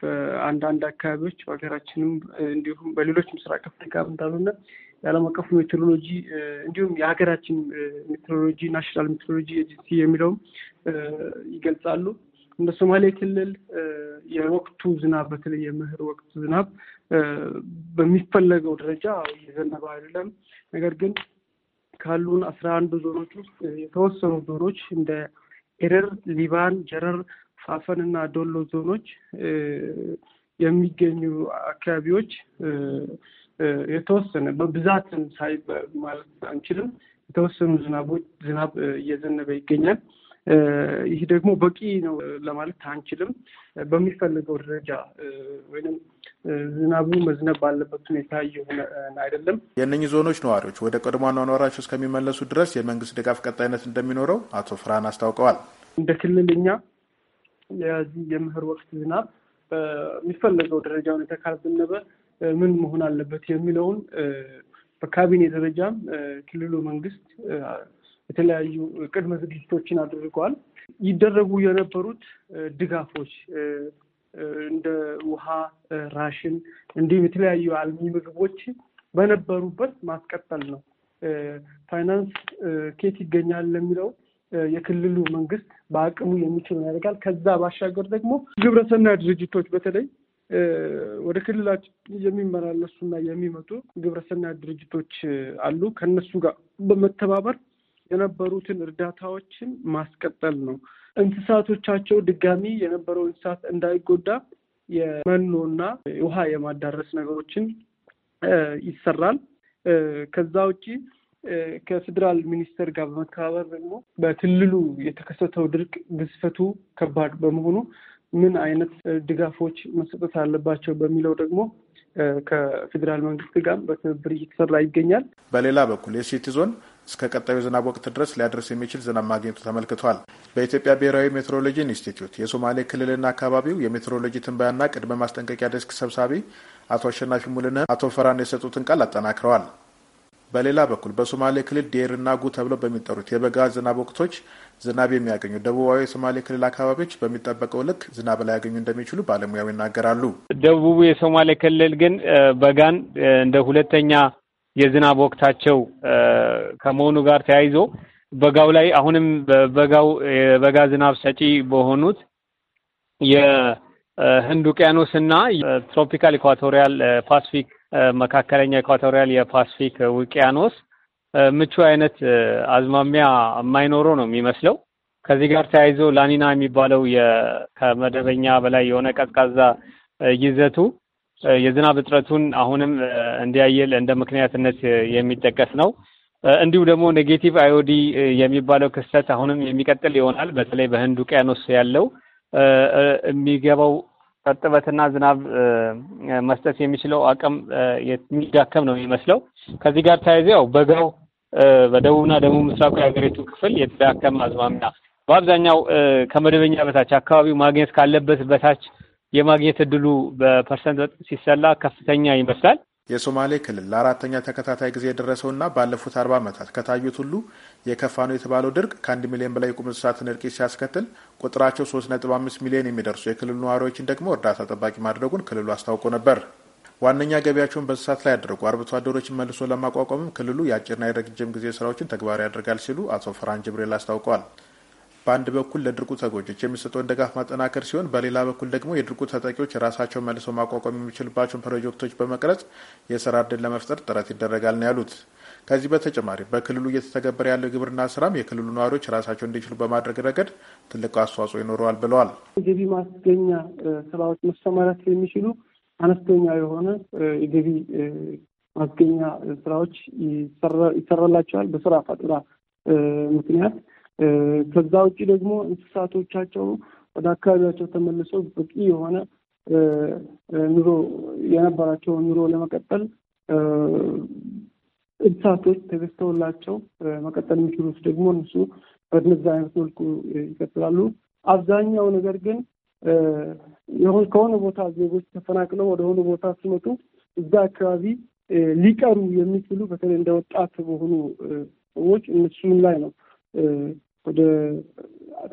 በአንዳንድ አካባቢዎች በሀገራችንም እንዲሁም በሌሎች ምስራቅ አፍሪካ እንዳልሆነ የዓለም አቀፉ ሜትሮሎጂ እንዲሁም የሀገራችን ሜትሮሎጂ ናሽናል ሜትሮሎጂ ኤጀንሲ የሚለውም ይገልጻሉ። እንደ ሶማሌ ክልል የወቅቱ ዝናብ በተለይ የምህር ወቅት ዝናብ በሚፈለገው ደረጃ እየዘነበ አይደለም። ነገር ግን ካሉን አስራ አንዱ ዞኖች ውስጥ የተወሰኑ ዞኖች እንደ ኤረር፣ ሊባን፣ ጀረር፣ ፋፈን እና ዶሎ ዞኖች የሚገኙ አካባቢዎች የተወሰነ በብዛትም ሳይ ማለት አንችልም የተወሰኑ ዝናቦች ዝናብ እየዘነበ ይገኛል። ይህ ደግሞ በቂ ነው ለማለት አንችልም። በሚፈልገው ደረጃ ወይም ዝናቡ መዝነብ ባለበት ሁኔታ እየሆነ አይደለም። የእነኚህ ዞኖች ነዋሪዎች ወደ ቀድሞ አኗኗራቸው እስከሚመለሱ ድረስ የመንግስት ድጋፍ ቀጣይነት እንደሚኖረው አቶ ፍርሃን አስታውቀዋል። እንደ ክልል እኛ የዚህ የምህር ወቅት ዝናብ በሚፈለገው ደረጃ ሁኔታ ካልዘነበ ምን መሆን አለበት የሚለውን በካቢኔ ደረጃም ክልሉ መንግስት የተለያዩ ቅድመ ዝግጅቶችን አድርገዋል። ይደረጉ የነበሩት ድጋፎች እንደ ውሃ፣ ራሽን እንዲሁም የተለያዩ አልሚ ምግቦች በነበሩበት ማስቀጠል ነው። ፋይናንስ ኬት ይገኛል ለሚለው የክልሉ መንግስት በአቅሙ የሚችለውን ያደርጋል። ከዛ ባሻገር ደግሞ ግብረሰናይ ድርጅቶች በተለይ ወደ ክልላችን የሚመላለሱና የሚመጡ ግብረሰናይ ድርጅቶች አሉ። ከነሱ ጋር በመተባበር የነበሩትን እርዳታዎችን ማስቀጠል ነው። እንስሳቶቻቸው ድጋሚ የነበረው እንስሳት እንዳይጎዳ የመኖና ውሃ የማዳረስ ነገሮችን ይሰራል። ከዛ ውጪ ከፌዴራል ሚኒስቴር ጋር በመተባበር ደግሞ በክልሉ የተከሰተው ድርቅ ግዝፈቱ ከባድ በመሆኑ ምን አይነት ድጋፎች መሰጠት አለባቸው በሚለው ደግሞ ከፌዴራል መንግስት ጋር በትብብር እየተሰራ ይገኛል። በሌላ በኩል የሲቲ ዞን እስከ ቀጣዩ ዝናብ ወቅት ድረስ ሊያደርስ የሚችል ዝናብ ማግኘቱ ተመልክቷል። በኢትዮጵያ ብሔራዊ ሜትሮሎጂ ኢንስቲትዩት የሶማሌ ክልልና አካባቢው የሜትሮሎጂ ትንበያና ቅድመ ማስጠንቀቂያ ዴስክ ሰብሳቢ አቶ አሸናፊ ሙልነ አቶ ፈራን የሰጡትን ቃል አጠናክረዋል። በሌላ በኩል በሶማሌ ክልል ዴርና ጉ ተብለው በሚጠሩት የበጋ ዝናብ ወቅቶች ዝናብ የሚያገኙ ደቡባዊ የሶማሌ ክልል አካባቢዎች በሚጠበቀው ልክ ዝናብ ላያገኙ እንደሚችሉ ባለሙያው ይናገራሉ። ደቡቡ የሶማሌ ክልል ግን በጋን እንደ ሁለተኛ የዝናብ ወቅታቸው ከመሆኑ ጋር ተያይዞ በጋው ላይ አሁንም በጋው የበጋ ዝናብ ሰጪ በሆኑት የህንድ ውቅያኖስ እና ትሮፒካል ኢኳቶሪያል ፓስፊክ መካከለኛ ኢኳቶሪያል የፓስፊክ ውቅያኖስ ምቹ አይነት አዝማሚያ የማይኖረው ነው የሚመስለው። ከዚህ ጋር ተያይዞ ላኒና የሚባለው ከመደበኛ በላይ የሆነ ቀዝቃዛ ይዘቱ የዝናብ እጥረቱን አሁንም እንዲያየል እንደ ምክንያትነት የሚጠቀስ ነው። እንዲሁ ደግሞ ኔጌቲቭ አዮዲ የሚባለው ክስተት አሁንም የሚቀጥል ይሆናል። በተለይ በህንድ ውቅያኖስ ያለው የሚገባው እርጥበትና ዝናብ መስጠት የሚችለው አቅም የሚዳከም ነው የሚመስለው። ከዚህ ጋር ተያይዞ ያው በጋው በደቡብና ደቡብ ምስራቁ የሀገሪቱ ክፍል የተዳከመ አዝማሚያ በአብዛኛው ከመደበኛ በታች አካባቢው ማግኘት ካለበት በታች የማግኘት እድሉ በፐርሰንት ሲሰላ ከፍተኛ ይመስላል። የሶማሌ ክልል ለአራተኛ ተከታታይ ጊዜ የደረሰውና ባለፉት አርባ ዓመታት ከታዩት ሁሉ የከፋ ነው የተባለው ድርቅ ከአንድ ሚሊዮን በላይ የቁም እንስሳትን እልቂት ሲያስከትል ቁጥራቸው ሶስት ነጥብ አምስት ሚሊዮን የሚደርሱ የክልሉ ነዋሪዎችን ደግሞ እርዳታ ጠባቂ ማድረጉን ክልሉ አስታውቆ ነበር። ዋነኛ ገቢያቸውን በእንስሳት ላይ ያደረጉ አርብቶ አደሮችን መልሶ ለማቋቋምም ክልሉ የአጭርና የረጅም ጊዜ ስራዎችን ተግባራዊ ያደርጋል ሲሉ አቶ ፈራን ጅብሬል አስታውቀዋል። በአንድ በኩል ለድርቁ ተጎጆች የሚሰጠውን ድጋፍ ማጠናከር ሲሆን በሌላ በኩል ደግሞ የድርቁ ተጠቂዎች ራሳቸው መልሰው ማቋቋም የሚችልባቸውን ፕሮጀክቶች በመቅረጽ የስራ እድል ለመፍጠር ጥረት ይደረጋል ነው ያሉት። ከዚህ በተጨማሪ በክልሉ እየተተገበረ ያለው የግብርና ስራም የክልሉ ነዋሪዎች ራሳቸው እንዲችሉ በማድረግ ረገድ ትልቅ አስተዋጽኦ ይኖረዋል ብለዋል። ገቢ ማስገኛ ስራዎች መሰማራት የሚችሉ አነስተኛ የሆነ የገቢ ማስገኛ ስራዎች ይሰራላቸዋል በስራ ፈጠራ ምክንያት ከዛ ውጭ ደግሞ እንስሳቶቻቸው ወደ አካባቢያቸው ተመልሰው በቂ የሆነ ኑሮ የነበራቸውን ኑሮ ለመቀጠል እንስሳቶች ተገዝተውላቸው መቀጠል የሚችሉት ደግሞ እነሱ በነዛ አይነት መልኩ ይቀጥላሉ። አብዛኛው ነገር ግን ከሆነ ቦታ ዜጎች ተፈናቅለው ወደ ሆነ ቦታ ሲመጡ እዛ አካባቢ ሊቀሩ የሚችሉ በተለይ እንደ ወጣት በሆኑ ሰዎች እነሱም ላይ ነው ወደ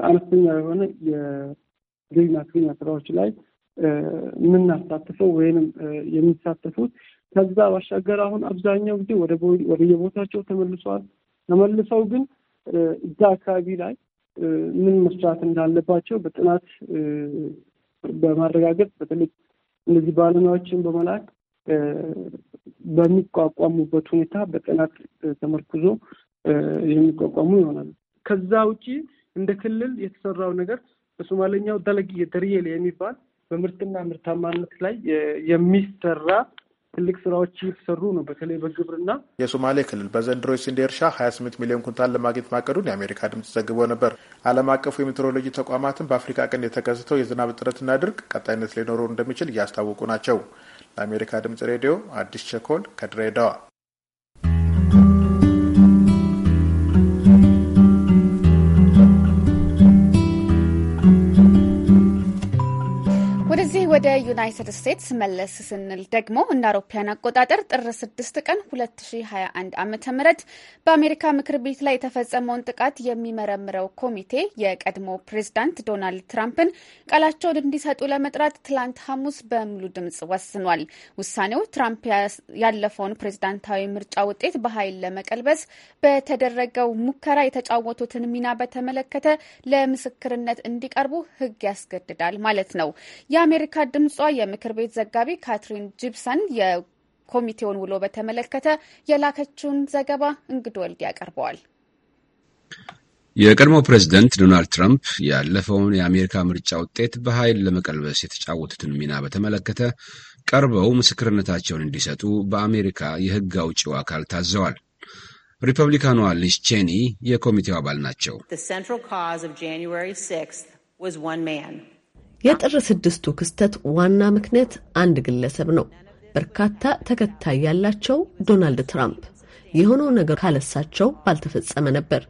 አነስተኛ የሆነ የገቢ ማስገኛ ስራዎች ላይ የምናሳትፈው ወይንም የሚሳተፉት። ከዛ ባሻገር አሁን አብዛኛው ጊዜ ወደየቦታቸው ተመልሰዋል። ተመልሰው ግን እዛ አካባቢ ላይ ምን መስራት እንዳለባቸው በጥናት በማረጋገጥ በተለይ እነዚህ ባለሙያዎችን በመላክ በሚቋቋሙበት ሁኔታ በጥናት ተመርኩዞ የሚቋቋሙ ይሆናል። ከዛ ውጪ እንደ ክልል የተሰራው ነገር በሶማለኛው ደለግ የተርየል የሚባል በምርትና ምርታማነት ላይ የሚሰራ ትልቅ ስራዎች እየተሰሩ ነው። በተለይ በግብርና የሶማሌ ክልል በዘንድሮ የስንዴ እርሻ 28 ሚሊዮን ኩንታል ለማግኘት ማቀዱን የአሜሪካ ድምፅ ዘግቦ ነበር። ዓለም አቀፉ የሜትሮሎጂ ተቋማትን በአፍሪካ ቀንድ የተከሰተው የዝናብ እጥረትና ድርቅ ቀጣይነት ሊኖረው እንደሚችል እያስታወቁ ናቸው። ለአሜሪካ ድምፅ ሬዲዮ አዲስ ቸኮል ከድሬዳዋ crazy. ወዲህ ወደ ዩናይትድ ስቴትስ መለስ ስንል ደግሞ እንደ አውሮፓውያን አቆጣጠር ጥር 6 ቀን 2021 ዓ ም በአሜሪካ ምክር ቤት ላይ የተፈጸመውን ጥቃት የሚመረምረው ኮሚቴ የቀድሞ ፕሬዚዳንት ዶናልድ ትራምፕን ቃላቸውን እንዲሰጡ ለመጥራት ትላንት ሐሙስ በሙሉ ድምፅ ወስኗል። ውሳኔው ትራምፕ ያለፈውን ፕሬዚዳንታዊ ምርጫ ውጤት በኃይል ለመቀልበስ በተደረገው ሙከራ የተጫወቱትን ሚና በተመለከተ ለምስክርነት እንዲቀርቡ ሕግ ያስገድዳል ማለት ነው። የአሜሪካ የአሜሪካ ድምጿ የምክር ቤት ዘጋቢ ካትሪን ጂፕሰን የኮሚቴውን ውሎ በተመለከተ የላከችውን ዘገባ እንግድ ወልድ ያቀርበዋል። የቀድሞ ፕሬዚደንት ዶናልድ ትራምፕ ያለፈውን የአሜሪካ ምርጫ ውጤት በኃይል ለመቀልበስ የተጫወቱትን ሚና በተመለከተ ቀርበው ምስክርነታቸውን እንዲሰጡ በአሜሪካ የሕግ አውጪው አካል ታዘዋል። ሪፐብሊካኗ ሊዝ ቼኒ የኮሚቴው አባል ናቸው። የጥር ስድስቱ ክስተት ዋና ምክንያት አንድ ግለሰብ ነው፣ በርካታ ተከታይ ያላቸው ዶናልድ ትራምፕ። የሆነው ነገር ካለሳቸው ባልተፈጸመ ነበር።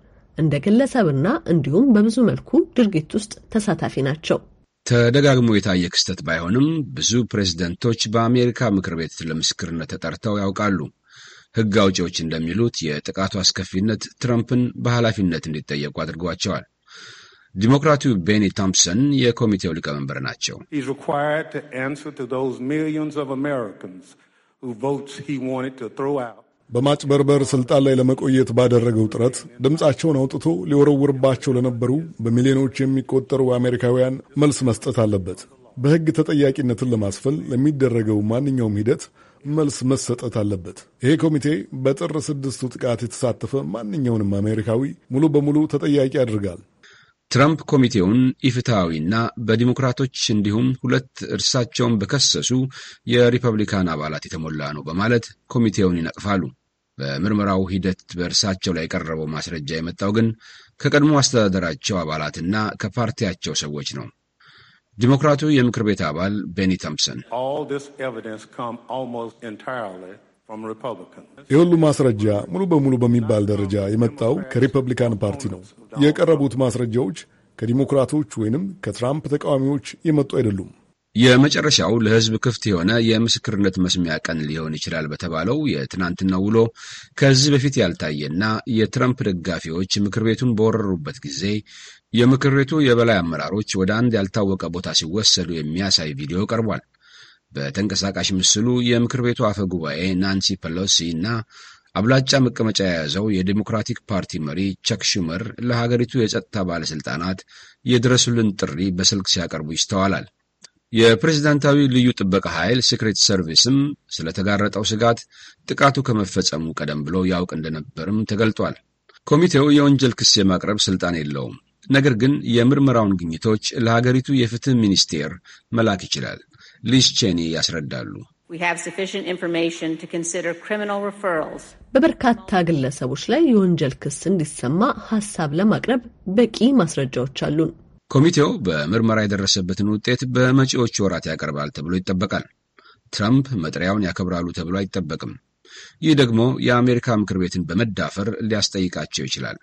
እንደ ግለሰብና እንዲሁም በብዙ መልኩ ድርጊት ውስጥ ተሳታፊ ናቸው። ተደጋግሞ የታየ ክስተት ባይሆንም ብዙ ፕሬዝደንቶች በአሜሪካ ምክር ቤት ለምስክርነት ተጠርተው ያውቃሉ። ሕግ አውጪዎች እንደሚሉት የጥቃቱ አስከፊነት ትራምፕን በኃላፊነት እንዲጠየቁ አድርጓቸዋል። ዲሞክራቱ ቤኒ ቶምፕሰን የኮሚቴው ሊቀመንበር ናቸው። በማጭበርበር ስልጣን ላይ ለመቆየት ባደረገው ጥረት ድምፃቸውን አውጥቶ ሊወረውርባቸው ለነበሩ በሚሊዮኖች የሚቆጠሩ አሜሪካውያን መልስ መስጠት አለበት። በሕግ ተጠያቂነትን ለማስፈል ለሚደረገው ማንኛውም ሂደት መልስ መሰጠት አለበት። ይሄ ኮሚቴ በጥር ስድስቱ ጥቃት የተሳተፈ ማንኛውንም አሜሪካዊ ሙሉ በሙሉ ተጠያቂ ያደርጋል። ትራምፕ ኮሚቴውን ኢፍትሐዊና በዲሞክራቶች እንዲሁም ሁለት እርሳቸውን በከሰሱ የሪፐብሊካን አባላት የተሞላ ነው በማለት ኮሚቴውን ይነቅፋሉ። በምርመራው ሂደት በእርሳቸው ላይ የቀረበው ማስረጃ የመጣው ግን ከቀድሞ አስተዳደራቸው አባላትና ከፓርቲያቸው ሰዎች ነው። ዲሞክራቱ የምክር ቤት አባል ቤኒ ተምፕሰን የሁሉ ማስረጃ ሙሉ በሙሉ በሚባል ደረጃ የመጣው ከሪፐብሊካን ፓርቲ ነው። የቀረቡት ማስረጃዎች ከዲሞክራቶች ወይንም ከትራምፕ ተቃዋሚዎች የመጡ አይደሉም። የመጨረሻው ለሕዝብ ክፍት የሆነ የምስክርነት መስሚያ ቀን ሊሆን ይችላል በተባለው የትናንትናው ውሎ ከዚህ በፊት ያልታየና የትረምፕ ደጋፊዎች ምክር ቤቱን በወረሩበት ጊዜ የምክር ቤቱ የበላይ አመራሮች ወደ አንድ ያልታወቀ ቦታ ሲወሰዱ የሚያሳይ ቪዲዮ ቀርቧል። በተንቀሳቃሽ ምስሉ የምክር ቤቱ አፈ ጉባኤ ናንሲ ፐሎሲ እና አብላጫ መቀመጫ የያዘው የዲሞክራቲክ ፓርቲ መሪ ቸክ ሹመር ለሀገሪቱ የጸጥታ ባለሥልጣናት የድረሱልን ጥሪ በስልክ ሲያቀርቡ ይስተዋላል። የፕሬዝዳንታዊ ልዩ ጥበቃ ኃይል ሴክሬት ሰርቪስም ስለተጋረጠው ስጋት ጥቃቱ ከመፈጸሙ ቀደም ብሎ ያውቅ እንደነበርም ተገልጧል። ኮሚቴው የወንጀል ክስ የማቅረብ ስልጣን የለውም፣ ነገር ግን የምርመራውን ግኝቶች ለሀገሪቱ የፍትህ ሚኒስቴር መላክ ይችላል። ሊስቼኒ ያስረዳሉ። በበርካታ ግለሰቦች ላይ የወንጀል ክስ እንዲሰማ ሀሳብ ለማቅረብ በቂ ማስረጃዎች አሉን። ኮሚቴው በምርመራ የደረሰበትን ውጤት በመጪዎች ወራት ያቀርባል ተብሎ ይጠበቃል። ትራምፕ መጥሪያውን ያከብራሉ ተብሎ አይጠበቅም። ይህ ደግሞ የአሜሪካ ምክር ቤትን በመዳፈር ሊያስጠይቃቸው ይችላል።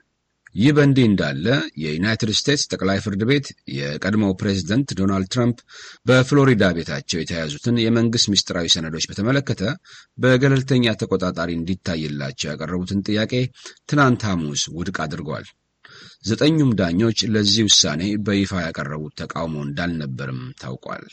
ይህ በእንዲህ እንዳለ የዩናይትድ ስቴትስ ጠቅላይ ፍርድ ቤት የቀድሞው ፕሬዚደንት ዶናልድ ትራምፕ በፍሎሪዳ ቤታቸው የተያዙትን የመንግስት ምስጢራዊ ሰነዶች በተመለከተ በገለልተኛ ተቆጣጣሪ እንዲታይላቸው ያቀረቡትን ጥያቄ ትናንት ሐሙስ ውድቅ አድርጓል። ዘጠኙም ዳኞች ለዚህ ውሳኔ በይፋ ያቀረቡት ተቃውሞ እንዳልነበርም ታውቋል።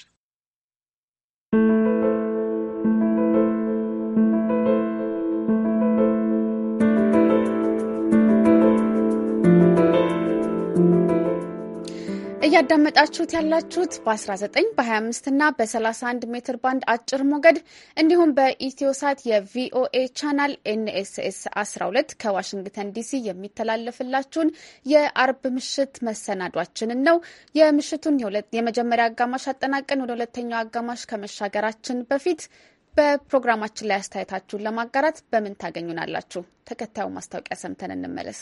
እያዳመጣችሁት ያላችሁት በ19 በ25 እና በ31 ሜትር ባንድ አጭር ሞገድ እንዲሁም በኢትዮሳት የቪኦኤ ቻናል ኤንኤስኤስ 12 ከዋሽንግተን ዲሲ የሚተላለፍላችሁን የአርብ ምሽት መሰናዷችንን ነው። የምሽቱን የመጀመሪያ አጋማሽ አጠናቀን ወደ ሁለተኛው አጋማሽ ከመሻገራችን በፊት በፕሮግራማችን ላይ አስተያየታችሁን ለማጋራት በምን ታገኙናላችሁ? ተከታዩ ማስታወቂያ ሰምተን እንመለስ።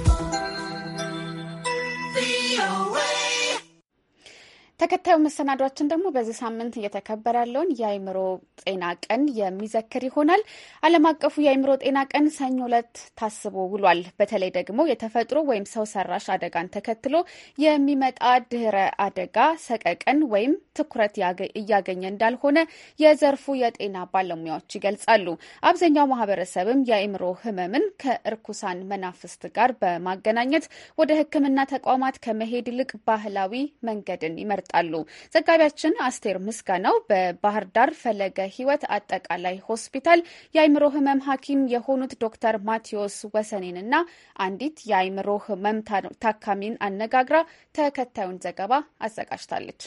ተከታዩ መሰናዷችን ደግሞ በዚህ ሳምንት እየተከበረ ያለውን የአእምሮ ጤና ቀን የሚዘክር ይሆናል። ዓለም አቀፉ የአእምሮ ጤና ቀን ሰኞ ዕለት ታስቦ ውሏል። በተለይ ደግሞ የተፈጥሮ ወይም ሰው ሰራሽ አደጋን ተከትሎ የሚመጣ ድህረ አደጋ ሰቀቀን ወይም ትኩረት እያገኘ እንዳልሆነ የዘርፉ የጤና ባለሙያዎች ይገልጻሉ። አብዛኛው ማህበረሰብም የአእምሮ ህመምን ከእርኩሳን መናፍስት ጋር በማገናኘት ወደ ሕክምና ተቋማት ከመሄድ ይልቅ ባህላዊ መንገድን ይመርጣል። ይሰጣሉ። ዘጋቢያችን አስቴር ምስጋናው በባህር ዳር ፈለገ ህይወት አጠቃላይ ሆስፒታል የአይምሮ ህመም ሐኪም የሆኑት ዶክተር ማቴዎስ ወሰኔንና አንዲት የአይምሮ ህመም ታካሚን አነጋግራ ተከታዩን ዘገባ አዘጋጅታለች።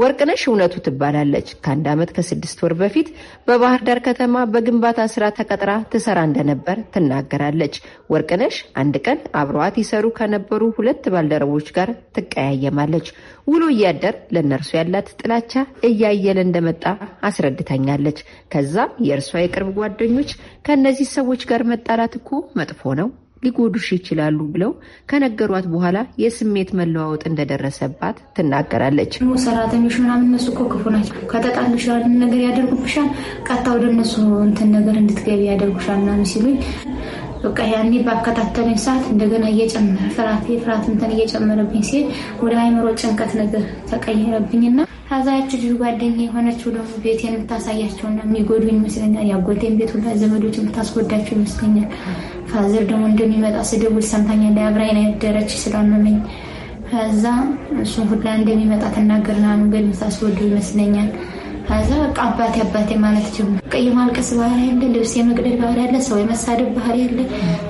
ወርቅነሽ እውነቱ ትባላለች። ከአንድ ዓመት ከስድስት ወር በፊት በባህር ዳር ከተማ በግንባታ ስራ ተቀጥራ ትሰራ እንደነበር ትናገራለች። ወርቅነሽ አንድ ቀን አብረዋት ይሰሩ ከነበሩ ሁለት ባልደረቦች ጋር ትቀያየማለች። ውሎ እያደር ለእነርሱ ያላት ጥላቻ እያየለ እንደመጣ አስረድታኛለች። ከዛም የእርሷ የቅርብ ጓደኞች ከእነዚህ ሰዎች ጋር መጣላት እኮ መጥፎ ነው ሊጎዱሽ ይችላሉ ብለው ከነገሯት በኋላ የስሜት መለዋወጥ እንደደረሰባት ትናገራለች። ሰራተኞች ምናምን እነሱ እኮ ክፉ ናቸው። ከተጣልሻል ነገር ያደርጉብሻል፣ ቀጥታ ወደ እነሱ እንትን ነገር እንድትገቢ ያደርጉሻል ምናምን ሲሉኝ በቃ ያኔ ባከታተለኝ ሰዓት እንደገና እየጨመረ ፍርሃት የፍርሃት እንትን እየጨመረብኝ ሲሄድ ወደ አይምሮ ጭንቀት ነገር ተቀየረብኝና ታዛያቸው ልጅ ጓደኛ የሆነችው ደግሞ ቤቴን የምታሳያቸውና የሚጎዱ ይመስለኛል። ያጎቴን ቤት ሁላ ዘመዶች የምታስጎዳቸው ይመስለኛል። ፋዘር ደግሞ እንደሚመጣ ስደውል ሰምታኛ እንደ አብራይን ያደረች ስላመመኝ ከዛ እሱ ሁላ እንደሚመጣ ትናገርና መንገድ ምታስወዱ ይመስለኛል። ከዛ በቃ አባቴ አባቴ ማለት ጀመረ። ቀይ ማልቀስ ባህሪ ያለ፣ ልብስ የመቅደድ ባህሪ ያለ፣ ሰው የመሳደብ ባህሪ ያለ።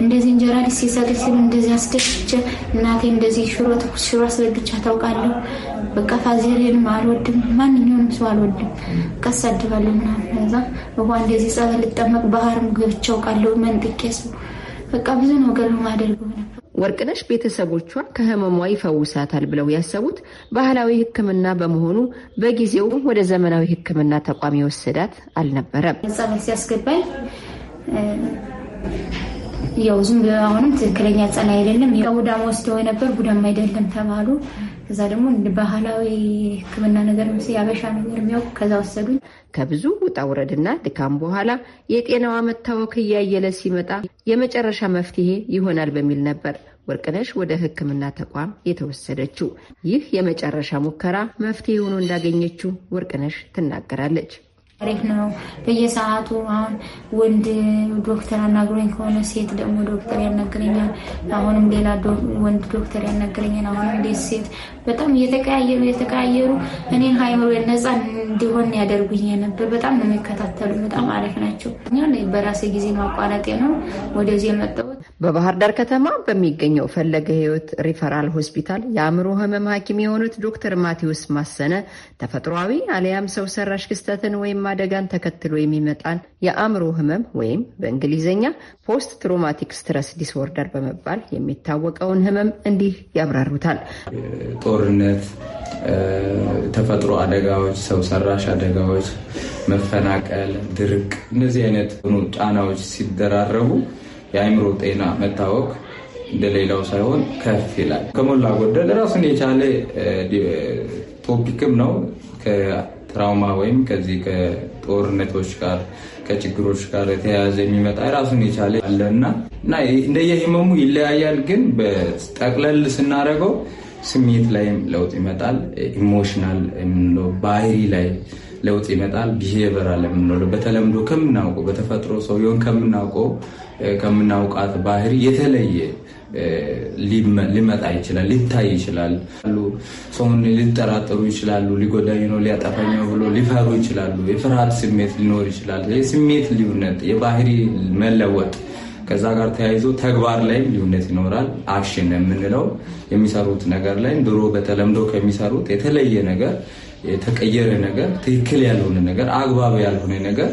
እንደዚህ እንጀራ ልስ ሲሰጥ ሲሉ እንደዚህ አስደፍቼ እናቴ እንደዚህ ሽሮ ትኩስ ሽሮ አስበልቻ ታውቃለሁ። በቃ ፋዘሬንም አልወድም፣ ማንኛውንም ሰው አልወድም። ከሳድባለሁ ምናምን ከዛ እንደዚህ ጸበል ልጠመቅ ባህርም ገብቼ አውቃለሁ መንጥቄ ሰው በቃ ብዙ ነገር ነው ማደርገው ነበር። ወርቅነሽ ቤተሰቦቿ ከህመሟ ይፈውሳታል ብለው ያሰቡት ባህላዊ ሕክምና በመሆኑ በጊዜው ወደ ዘመናዊ ሕክምና ተቋም የወሰዳት አልነበረም። ጸበል ሲያስገባኝ ያው ዝም ብሎ አሁንም ትክክለኛ ጸና አይደለም፣ ቡዳማ ወስደው ነበር ቡዳማ አይደለም ተባሉ። ከዛ ደግሞ ባህላዊ ሕክምና ነገር ምስ ያበሻ ነገር የሚያውቁ ከዛ ወሰዱኝ። ከብዙ ውጣ ውረድና ድካም በኋላ የጤናዋ መታወክ እያየለ ሲመጣ የመጨረሻ መፍትሄ ይሆናል በሚል ነበር ወርቅነሽ ወደ ህክምና ተቋም የተወሰደችው። ይህ የመጨረሻ ሙከራ መፍትሄ ሆኖ እንዳገኘችው ወርቅነሽ ትናገራለች። አሪፍ ነው። በየሰዓቱ አሁን ወንድ ዶክተር አናግሮኝ ከሆነ ሴት ደግሞ ዶክተር ያናግረኛል። አሁንም ሌላ ወንድ ዶክተር ያናግረኛል። አሁንም ሴት በጣም እየተቀያየሩ እየተቀያየሩ እኔን ሀይምሮ ነፃ እንዲሆን ያደርጉኝ ነበር። በጣም ነው የሚከታተሉ። በጣም አሪፍ ናቸው። በራሴ ጊዜ ማቋረጤ ነው ወደዚህ የመጣሁት። በባህር ዳር ከተማ በሚገኘው ፈለገ ህይወት ሪፈራል ሆስፒታል የአእምሮ ህመም ሐኪም የሆኑት ዶክተር ማቴዎስ ማሰነ ተፈጥሯዊ አሊያም ሰው ሰራሽ ክስተትን ወይም አደጋን ተከትሎ የሚመጣን የአእምሮ ህመም ወይም በእንግሊዝኛ ፖስት ትሮማቲክ ስትረስ ዲስኦርደር በመባል የሚታወቀውን ህመም እንዲህ ያብራሩታል። ጦርነት፣ ተፈጥሮ አደጋዎች፣ ሰው ሰራሽ አደጋዎች፣ መፈናቀል፣ ድርቅ፣ እነዚህ አይነት ጫናዎች ሲደራረቡ የአእምሮ ጤና መታወክ እንደሌላው ሳይሆን ከፍ ይላል። ከሞላ ጎደል ራሱን የቻለ ቶፒክም ነው። ከትራውማ ወይም ከዚህ ከጦርነቶች ጋር ከችግሮች ጋር የተያያዘ የሚመጣ ራሱን የቻለ አለና እና እንደየህመሙ ይለያያል። ግን በጠቅለል ስናደርገው ስሜት ላይም ለውጥ ይመጣል። ኢሞሽናል የምንለው ባህሪ ላይ ለውጥ ይመጣል። ቢሄቨራል የምንለው በተለምዶ ከምናውቀው በተፈጥሮ ሰውየውን ከምናውቀው ከምናውቃት ባህሪ የተለየ ሊመጣ ይችላል፣ ሊታይ ይችላል። ሰውን ሊጠራጠሩ ይችላሉ። ሊጎዳኝ ነው፣ ሊያጠፋኝ ነው ብሎ ሊፈሩ ይችላሉ። የፍርሃት ስሜት ሊኖር ይችላል። የስሜት ልዩነት፣ የባህሪ መለወጥ ከዛ ጋር ተያይዞ ተግባር ላይም ልዩነት ይኖራል። አክሽን የምንለው የሚሰሩት ነገር ላይ ድሮ በተለምዶ ከሚሰሩት የተለየ ነገር፣ የተቀየረ ነገር፣ ትክክል ያልሆነ ነገር፣ አግባብ ያልሆነ ነገር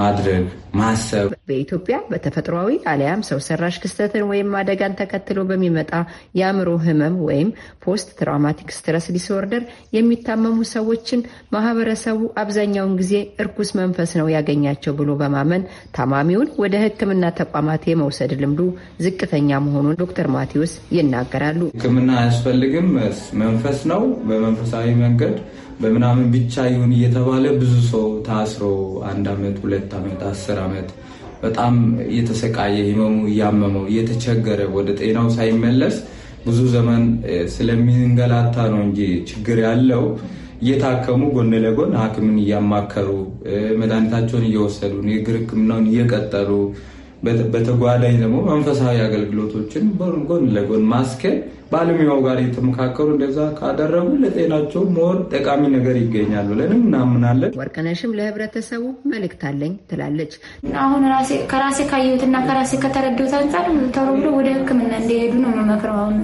ማድረግ ማሰብ በኢትዮጵያ በተፈጥሯዊ አሊያም ሰው ሰራሽ ክስተትን ወይም አደጋን ተከትሎ በሚመጣ የአእምሮ ህመም ወይም ፖስት ትራውማቲክ ስትረስ ዲስኦርደር የሚታመሙ ሰዎችን ማህበረሰቡ አብዛኛውን ጊዜ እርኩስ መንፈስ ነው ያገኛቸው ብሎ በማመን ታማሚውን ወደ ሕክምና ተቋማት የመውሰድ ልምዱ ዝቅተኛ መሆኑን ዶክተር ማቴዎስ ይናገራሉ። ሕክምና አያስፈልግም፣ መንፈስ ነው በመንፈሳዊ መንገድ በምናምን ብቻ ይሁን እየተባለ ብዙ ሰው ታስሮ አንድ ዓመት ሁለት ዓመት አስር ዓመት በጣም እየተሰቃየ ህመሙ እያመመው እየተቸገረ ወደ ጤናው ሳይመለስ ብዙ ዘመን ስለሚንገላታ ነው እንጂ ችግር ያለው እየታከሙ ጎን ለጎን ሐኪምን እያማከሩ መድኃኒታቸውን እየወሰዱ የእግር ህክምናውን እየቀጠሉ በተጓዳኝ ደግሞ መንፈሳዊ አገልግሎቶችን ጎን ለጎን ማስኬድ ባለሙያው ጋር የተመካከሩ እንደዛ ካደረጉ ለጤናቸው መሆን ጠቃሚ ነገር ይገኛል ብለን እናምናለን። ወርቅነሽም ለህብረተሰቡ መልእክት አለኝ ትላለች። አሁን ከራሴ ካየሁትና ከራሴ ከተረዱት አንጻር ቶሎ ብሎ ወደ ሕክምና እንደሄዱ ነው የምመክረው። አሁን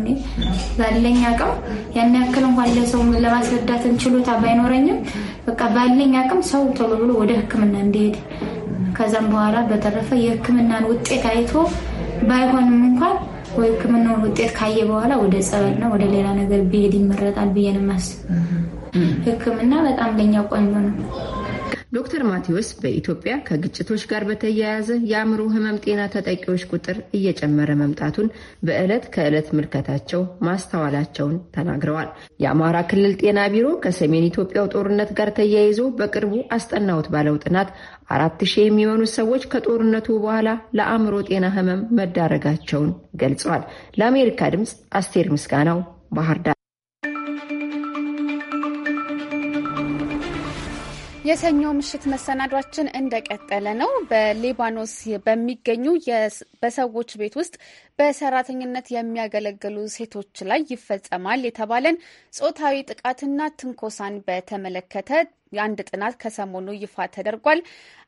ባለኝ አቅም ያን ያክል እንኳን ለሰው ለማስረዳትን ችሎታ ባይኖረኝም በቃ ባለኝ አቅም ሰው ተሎ ብሎ ወደ ሕክምና እንደሄድ ከዛም በኋላ በተረፈ የህክምናን ውጤት አይቶ ባይሆንም እንኳን ወይ ውጤት ካየ በኋላ ወደ ነው ወደ ሌላ ነገር ቢሄድ ይመረጣል ብዬን ማስ ህክምና በጣም ለኛ ቆንጆ ነው። ዶክተር ማቴዎስ በኢትዮጵያ ከግጭቶች ጋር በተያያዘ የአእምሮ ህመም ጤና ተጠቂዎች ቁጥር እየጨመረ መምጣቱን በዕለት ከዕለት ምልከታቸው ማስተዋላቸውን ተናግረዋል። የአማራ ክልል ጤና ቢሮ ከሰሜን ኢትዮጵያው ጦርነት ጋር ተያይዞ በቅርቡ አስጠናሁት ባለው ጥናት አራት ሺህ የሚሆኑ ሰዎች ከጦርነቱ በኋላ ለአእምሮ ጤና ህመም መዳረጋቸውን ገልጸዋል። ለአሜሪካ ድምፅ አስቴር ምስጋናው ባህር ዳር። የሰኞ ምሽት መሰናዷችን እንደቀጠለ ነው። በሊባኖስ በሚገኙ በሰዎች ቤት ውስጥ በሰራተኝነት የሚያገለግሉ ሴቶች ላይ ይፈጸማል የተባለን ጾታዊ ጥቃትና ትንኮሳን በተመለከተ የአንድ ጥናት ከሰሞኑ ይፋ ተደርጓል።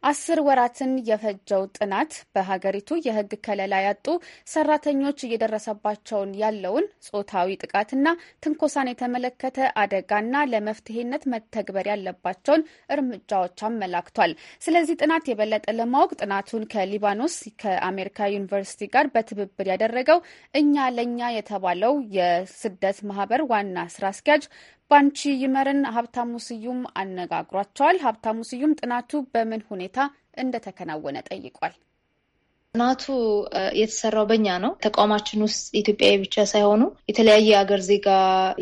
አስር ወራትን የፈጀው ጥናት በሀገሪቱ የሕግ ከለላ ያጡ ሰራተኞች እየደረሰባቸውን ያለውን ጾታዊ ጥቃትና ትንኮሳን የተመለከተ አደጋና ለመፍትሄነት መተግበር ያለባቸውን እርምጃዎች አመላክቷል። ስለዚህ ጥናት የበለጠ ለማወቅ ጥናቱን ከሊባኖስ ከአሜሪካ ዩኒቨርሲቲ ጋር በትብብር ያደረገው እኛ ለእኛ የተባለው የስደት ማህበር ዋና ስራ አስኪያጅ ባንቺ ይመርን ሀብታሙ ስዩም አነጋግሯቸዋል። ሀብታሙ ስዩም ጥናቱ በምን ሁኔታ እንደተከናወነ ጠይቋል። ጥናቱ የተሰራው በኛ ነው። ተቋማችን ውስጥ ኢትዮጵያዊ ብቻ ሳይሆኑ የተለያየ ሀገር ዜጋ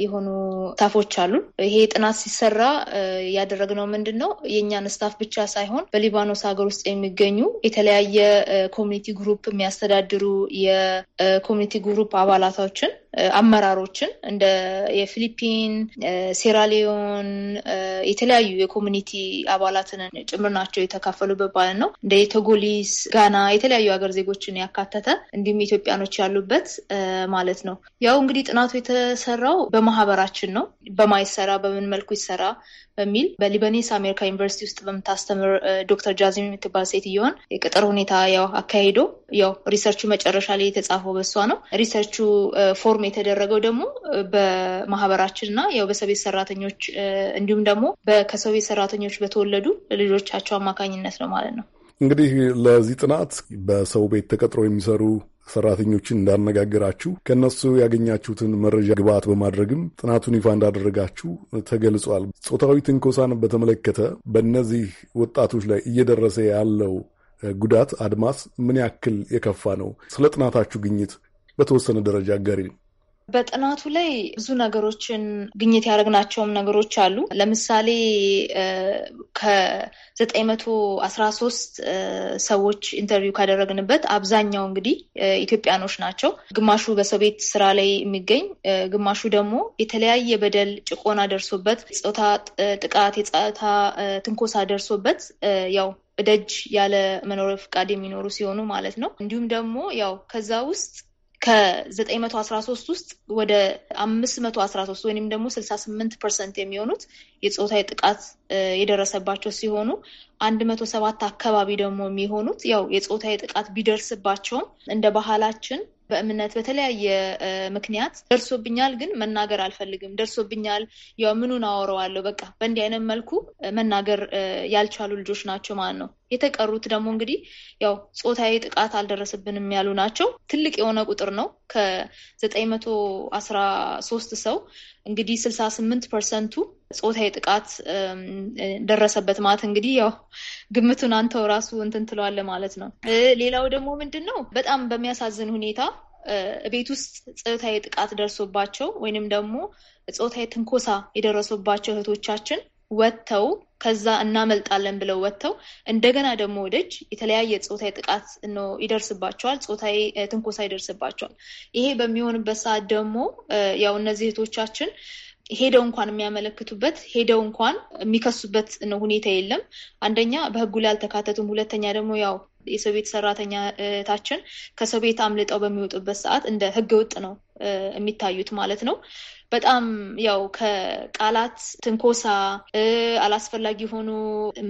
የሆኑ ስታፎች አሉ። ይሄ ጥናት ሲሰራ ያደረግነው ምንድን ነው የእኛን ስታፍ ብቻ ሳይሆን በሊባኖስ ሀገር ውስጥ የሚገኙ የተለያየ ኮሚኒቲ ግሩፕ የሚያስተዳድሩ የኮሚኒቲ ግሩፕ አባላቶችን አመራሮችን እንደ የፊሊፒን፣ ሴራሊዮን የተለያዩ የኮሚኒቲ አባላትን ጭምር ናቸው የተካፈሉበት በዓል ነው። እንደ የቶጎሊስ፣ ጋና የተለያዩ ሀገር ዜጎችን ያካተተ እንዲሁም ኢትዮጵያኖች ያሉበት ማለት ነው። ያው እንግዲህ ጥናቱ የተሰራው በማህበራችን ነው። በማይሰራ በምን መልኩ ይሰራ በሚል በሊበኔስ አሜሪካ ዩኒቨርሲቲ ውስጥ በምታስተምር ዶክተር ጃዚም የምትባል ሴትዮዋን የቅጥር ሁኔታ ያው አካሂዶ ያው ሪሰርቹ መጨረሻ ላይ የተጻፈው በሷ ነው። ሪሰርቹ ፎር ሪፎርም የተደረገው ደግሞ በማህበራችን እና ያው በሰው ቤት ሰራተኞች እንዲሁም ደግሞ ከሰው ቤት ሰራተኞች በተወለዱ ልጆቻቸው አማካኝነት ነው ማለት ነው። እንግዲህ ለዚህ ጥናት በሰው ቤት ተቀጥሮ የሚሰሩ ሰራተኞችን እንዳነጋገራችሁ ከእነሱ ያገኛችሁትን መረጃ ግብዓት በማድረግም ጥናቱን ይፋ እንዳደረጋችሁ ተገልጿል። ጾታዊ ትንኮሳን በተመለከተ በእነዚህ ወጣቶች ላይ እየደረሰ ያለው ጉዳት አድማስ ምን ያክል የከፋ ነው? ስለ ጥናታችሁ ግኝት በተወሰነ ደረጃ አጋሪ ነው። በጥናቱ ላይ ብዙ ነገሮችን ግኝት ያደረግናቸውም ነገሮች አሉ። ለምሳሌ ከዘጠኝ መቶ አስራ ሶስት ሰዎች ኢንተርቪው ካደረግንበት አብዛኛው እንግዲህ ኢትዮጵያኖች ናቸው። ግማሹ በሰው ቤት ስራ ላይ የሚገኝ ግማሹ ደግሞ የተለያየ በደል ጭቆና ደርሶበት፣ ጾታ ጥቃት፣ የጾታ ትንኮሳ ደርሶበት ያው እደጅ ያለ መኖሪያ ፍቃድ የሚኖሩ ሲሆኑ ማለት ነው። እንዲሁም ደግሞ ያው ከዛ ውስጥ ከ913 ውስጥ ወደ 513 ወይም ደግሞ 68 ፐርሰንት የሚሆኑት የፆታዊ ጥቃት የደረሰባቸው ሲሆኑ 107 አካባቢ ደግሞ የሚሆኑት ያው የፆታዊ ጥቃት ቢደርስባቸውም እንደ ባህላችን በእምነት በተለያየ ምክንያት ደርሶብኛል፣ ግን መናገር አልፈልግም። ደርሶብኛል ያው ምኑን አወረዋለሁ። በቃ በእንዲህ አይነት መልኩ መናገር ያልቻሉ ልጆች ናቸው ማለት ነው። የተቀሩት ደግሞ እንግዲህ ያው ጾታዊ ጥቃት አልደረስብንም ያሉ ናቸው። ትልቅ የሆነ ቁጥር ነው። ከዘጠኝ መቶ አስራ ሶስት ሰው እንግዲህ ስልሳ ስምንት ፐርሰንቱ ጾታዊ ጥቃት ደረሰበት ማለት እንግዲህ ያው ግምቱን አንተው ራሱ እንትን ትለዋለህ ማለት ነው። ሌላው ደግሞ ምንድን ነው በጣም በሚያሳዝን ሁኔታ ቤት ውስጥ ጾታዊ ጥቃት ደርሶባቸው ወይንም ደግሞ ጾታዊ ትንኮሳ የደረሱባቸው እህቶቻችን ወጥተው ከዛ እናመልጣለን ብለው ወጥተው እንደገና ደግሞ ወደጅ የተለያየ ጾታዊ ጥቃት ይደርስባቸዋል፣ ጾታዊ ትንኮሳ ይደርስባቸዋል። ይሄ በሚሆንበት ሰዓት ደግሞ ያው እነዚህ እህቶቻችን ሄደው እንኳን የሚያመለክቱበት ሄደው እንኳን የሚከሱበት ነው ሁኔታ የለም። አንደኛ በህጉ ላይ አልተካተቱም። ሁለተኛ ደግሞ ያው የሰው ቤት ሰራተኛታችን ከሰው ቤት አምልጠው በሚወጡበት ሰዓት እንደ ህገ ወጥ ነው የሚታዩት ማለት ነው። በጣም ያው ከቃላት ትንኮሳ፣ አላስፈላጊ የሆኑ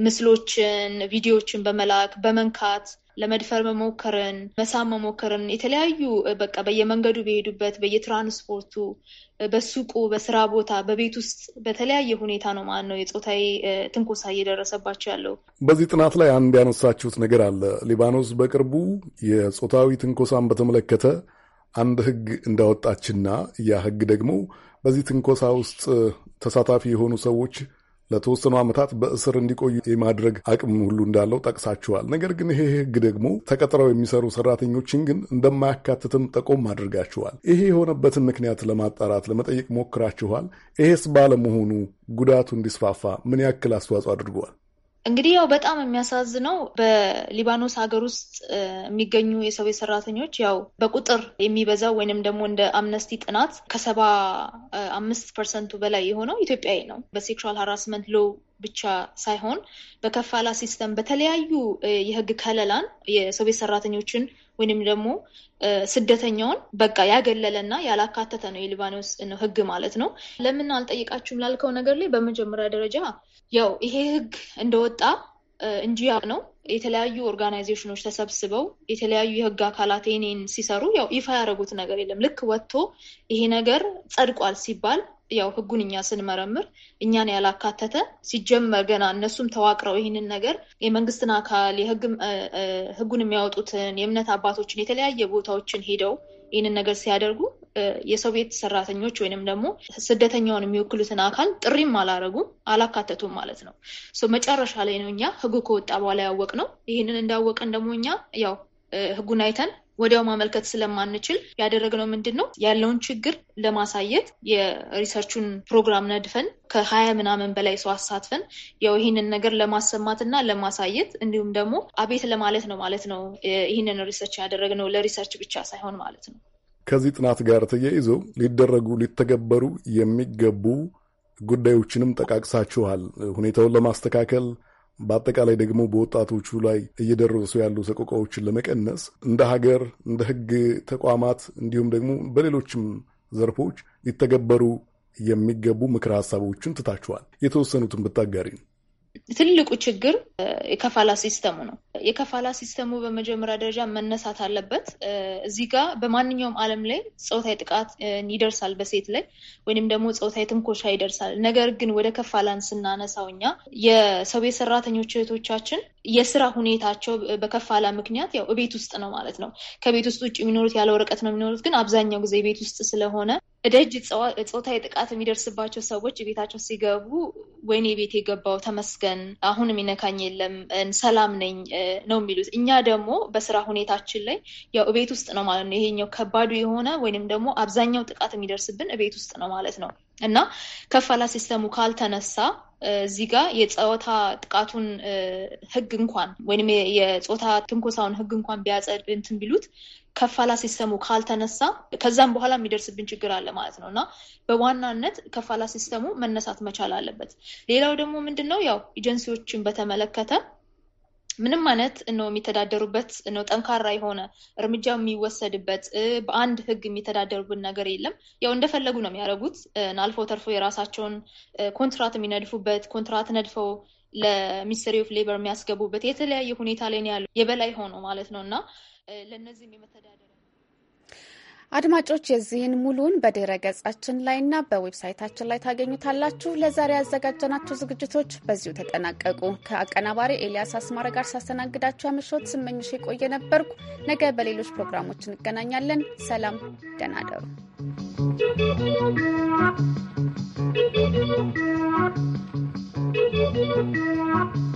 ምስሎችን፣ ቪዲዮዎችን በመላክ በመንካት ለመድፈር መሞከርን፣ መሳም መሞከርን የተለያዩ በቃ በየመንገዱ በሄዱበት በየትራንስፖርቱ፣ በሱቁ፣ በስራ ቦታ፣ በቤት ውስጥ በተለያየ ሁኔታ ነው ማለት ነው የፆታዊ ትንኮሳ እየደረሰባቸው ያለው። በዚህ ጥናት ላይ አንድ ያነሳችሁት ነገር አለ። ሊባኖስ በቅርቡ የፆታዊ ትንኮሳን በተመለከተ አንድ ህግ እንዳወጣችና ያ ህግ ደግሞ በዚህ ትንኮሳ ውስጥ ተሳታፊ የሆኑ ሰዎች ለተወሰኑ ዓመታት በእስር እንዲቆዩ የማድረግ አቅም ሁሉ እንዳለው ጠቅሳችኋል። ነገር ግን ይሄ ህግ ደግሞ ተቀጥረው የሚሰሩ ሰራተኞችን ግን እንደማያካትትም ጠቆም አድርጋችኋል። ይሄ የሆነበትን ምክንያት ለማጣራት ለመጠየቅ ሞክራችኋል። ይሄስ ባለመሆኑ ጉዳቱ እንዲስፋፋ ምን ያክል አስተዋጽኦ አድርገዋል? እንግዲህ ያው በጣም የሚያሳዝነው በሊባኖስ ሀገር ውስጥ የሚገኙ የሰው ሰራተኞች ያው በቁጥር የሚበዛው ወይንም ደግሞ እንደ አምነስቲ ጥናት ከሰባ አምስት ፐርሰንቱ በላይ የሆነው ኢትዮጵያዊ ነው። በሴክሹዋል ሀራስመንት ሎ ብቻ ሳይሆን በከፋላ ሲስተም በተለያዩ የህግ ከለላን የሰው ሰራተኞችን ወይንም ደግሞ ስደተኛውን በቃ ያገለለና ያላካተተ ነው የሊባኖስ ህግ ማለት ነው። ለምን አልጠይቃችሁም ላልከው ነገር ላይ በመጀመሪያ ደረጃ ያው ይሄ ህግ እንደወጣ እንጂ ነው የተለያዩ ኦርጋናይዜሽኖች ተሰብስበው የተለያዩ የህግ አካላት ይህንን ሲሰሩ ያው ይፋ ያደረጉት ነገር የለም። ልክ ወጥቶ ይሄ ነገር ጸድቋል ሲባል ያው ህጉን እኛ ስንመረምር እኛን ያላካተተ ሲጀመር ገና እነሱም ተዋቅረው ይህንን ነገር የመንግስትን አካል ህጉን የሚያወጡትን የእምነት አባቶችን የተለያየ ቦታዎችን ሄደው ይህንን ነገር ሲያደርጉ የሰው ቤት ሰራተኞች ወይንም ደግሞ ስደተኛውን የሚወክሉትን አካል ጥሪም አላረጉም፣ አላካተቱም ማለት ነው። መጨረሻ ላይ ነው እኛ ህጉ ከወጣ በኋላ ያወቅ ነው። ይህንን እንዳወቀን ደግሞ እኛ ያው ህጉን አይተን ወዲያው ማመልከት ስለማንችል ያደረግነው ምንድን ነው ያለውን ችግር ለማሳየት የሪሰርቹን ፕሮግራም ነድፈን ከሀያ ምናምን በላይ ሰው አሳትፈን ያው ይህንን ነገር ለማሰማት እና ለማሳየት እንዲሁም ደግሞ አቤት ለማለት ነው ማለት ነው። ይህንን ሪሰርች ያደረግነው ለሪሰርች ብቻ ሳይሆን ማለት ነው። ከዚህ ጥናት ጋር ተያይዞ ሊደረጉ ሊተገበሩ የሚገቡ ጉዳዮችንም ጠቃቅሳችኋል። ሁኔታውን ለማስተካከል በአጠቃላይ ደግሞ በወጣቶቹ ላይ እየደረሱ ያሉ ሰቆቃዎችን ለመቀነስ እንደ ሀገር፣ እንደ ህግ ተቋማት እንዲሁም ደግሞ በሌሎችም ዘርፎች ሊተገበሩ የሚገቡ ምክረ ሀሳቦችን ትታችኋል። የተወሰኑትን ብታጋሪ ነው። ትልቁ ችግር የከፋላ ሲስተሙ ነው። የከፋላ ሲስተሙ በመጀመሪያ ደረጃ መነሳት አለበት። እዚህ ጋር በማንኛውም ዓለም ላይ ፆታዊ ጥቃት ይደርሳል በሴት ላይ ወይም ደግሞ ፆታዊ ትንኮሻ ይደርሳል። ነገር ግን ወደ ከፋላን ስናነሳው እኛ የሰው ቤት ሰራተኞች እህቶቻችን የስራ ሁኔታቸው በከፋላ ምክንያት ያው ቤት ውስጥ ነው ማለት ነው። ከቤት ውስጥ ውጭ የሚኖሩት ያለ ወረቀት ነው የሚኖሩት። ግን አብዛኛው ጊዜ ቤት ውስጥ ስለሆነ እደጅ ጾታዊ ጥቃት የሚደርስባቸው ሰዎች ቤታቸው ሲገቡ ወይኔ ቤት የገባው ተመስገን፣ አሁን የሚነካኝ የለም፣ ሰላም ነኝ ነው የሚሉት። እኛ ደግሞ በስራ ሁኔታችን ላይ ያው ቤት ውስጥ ነው ማለት ነው። ይሄኛው ከባዱ የሆነ ወይንም ደግሞ አብዛኛው ጥቃት የሚደርስብን ቤት ውስጥ ነው ማለት ነው እና ከፋላ ሲስተሙ ካልተነሳ እዚህ ጋር የፆታ ጥቃቱን ህግ እንኳን ወይም የፆታ ትንኮሳውን ህግ እንኳን ቢያጸድ እንትን ቢሉት ከፋላ ሲስተሙ ካልተነሳ ከዛም በኋላ የሚደርስብን ችግር አለ ማለት ነው እና በዋናነት ከፋላ ሲስተሙ መነሳት መቻል አለበት። ሌላው ደግሞ ምንድን ነው ያው ኤጀንሲዎችን በተመለከተ ምንም አይነት ነው የሚተዳደሩበት ነው ጠንካራ የሆነ እርምጃ የሚወሰድበት በአንድ ህግ የሚተዳደሩበት ነገር የለም። ያው እንደፈለጉ ነው የሚያደርጉት። አልፎ ተርፎ የራሳቸውን ኮንትራት የሚነድፉበት ኮንትራት ነድፈው ለሚኒስትሪ ኦፍ ሌበር የሚያስገቡበት የተለያየ ሁኔታ ላይ ያለው የበላይ ሆኖ ማለት ነው እና ለእነዚህም የመተዳደሪያ አድማጮች የዚህን ሙሉን በድረ ገጻችን ላይና በዌብሳይታችን ላይ ታገኙታላችሁ። ለዛሬ ያዘጋጀናቸው ዝግጅቶች በዚሁ ተጠናቀቁ። ከአቀናባሪ ኤልያስ አስማረ ጋር ሳስተናግዳችሁ ያመሾት ስመኝሽ የቆየ ነበርኩ። ነገ በሌሎች ፕሮግራሞች እንገናኛለን። ሰላም፣ ደህና ደሩ።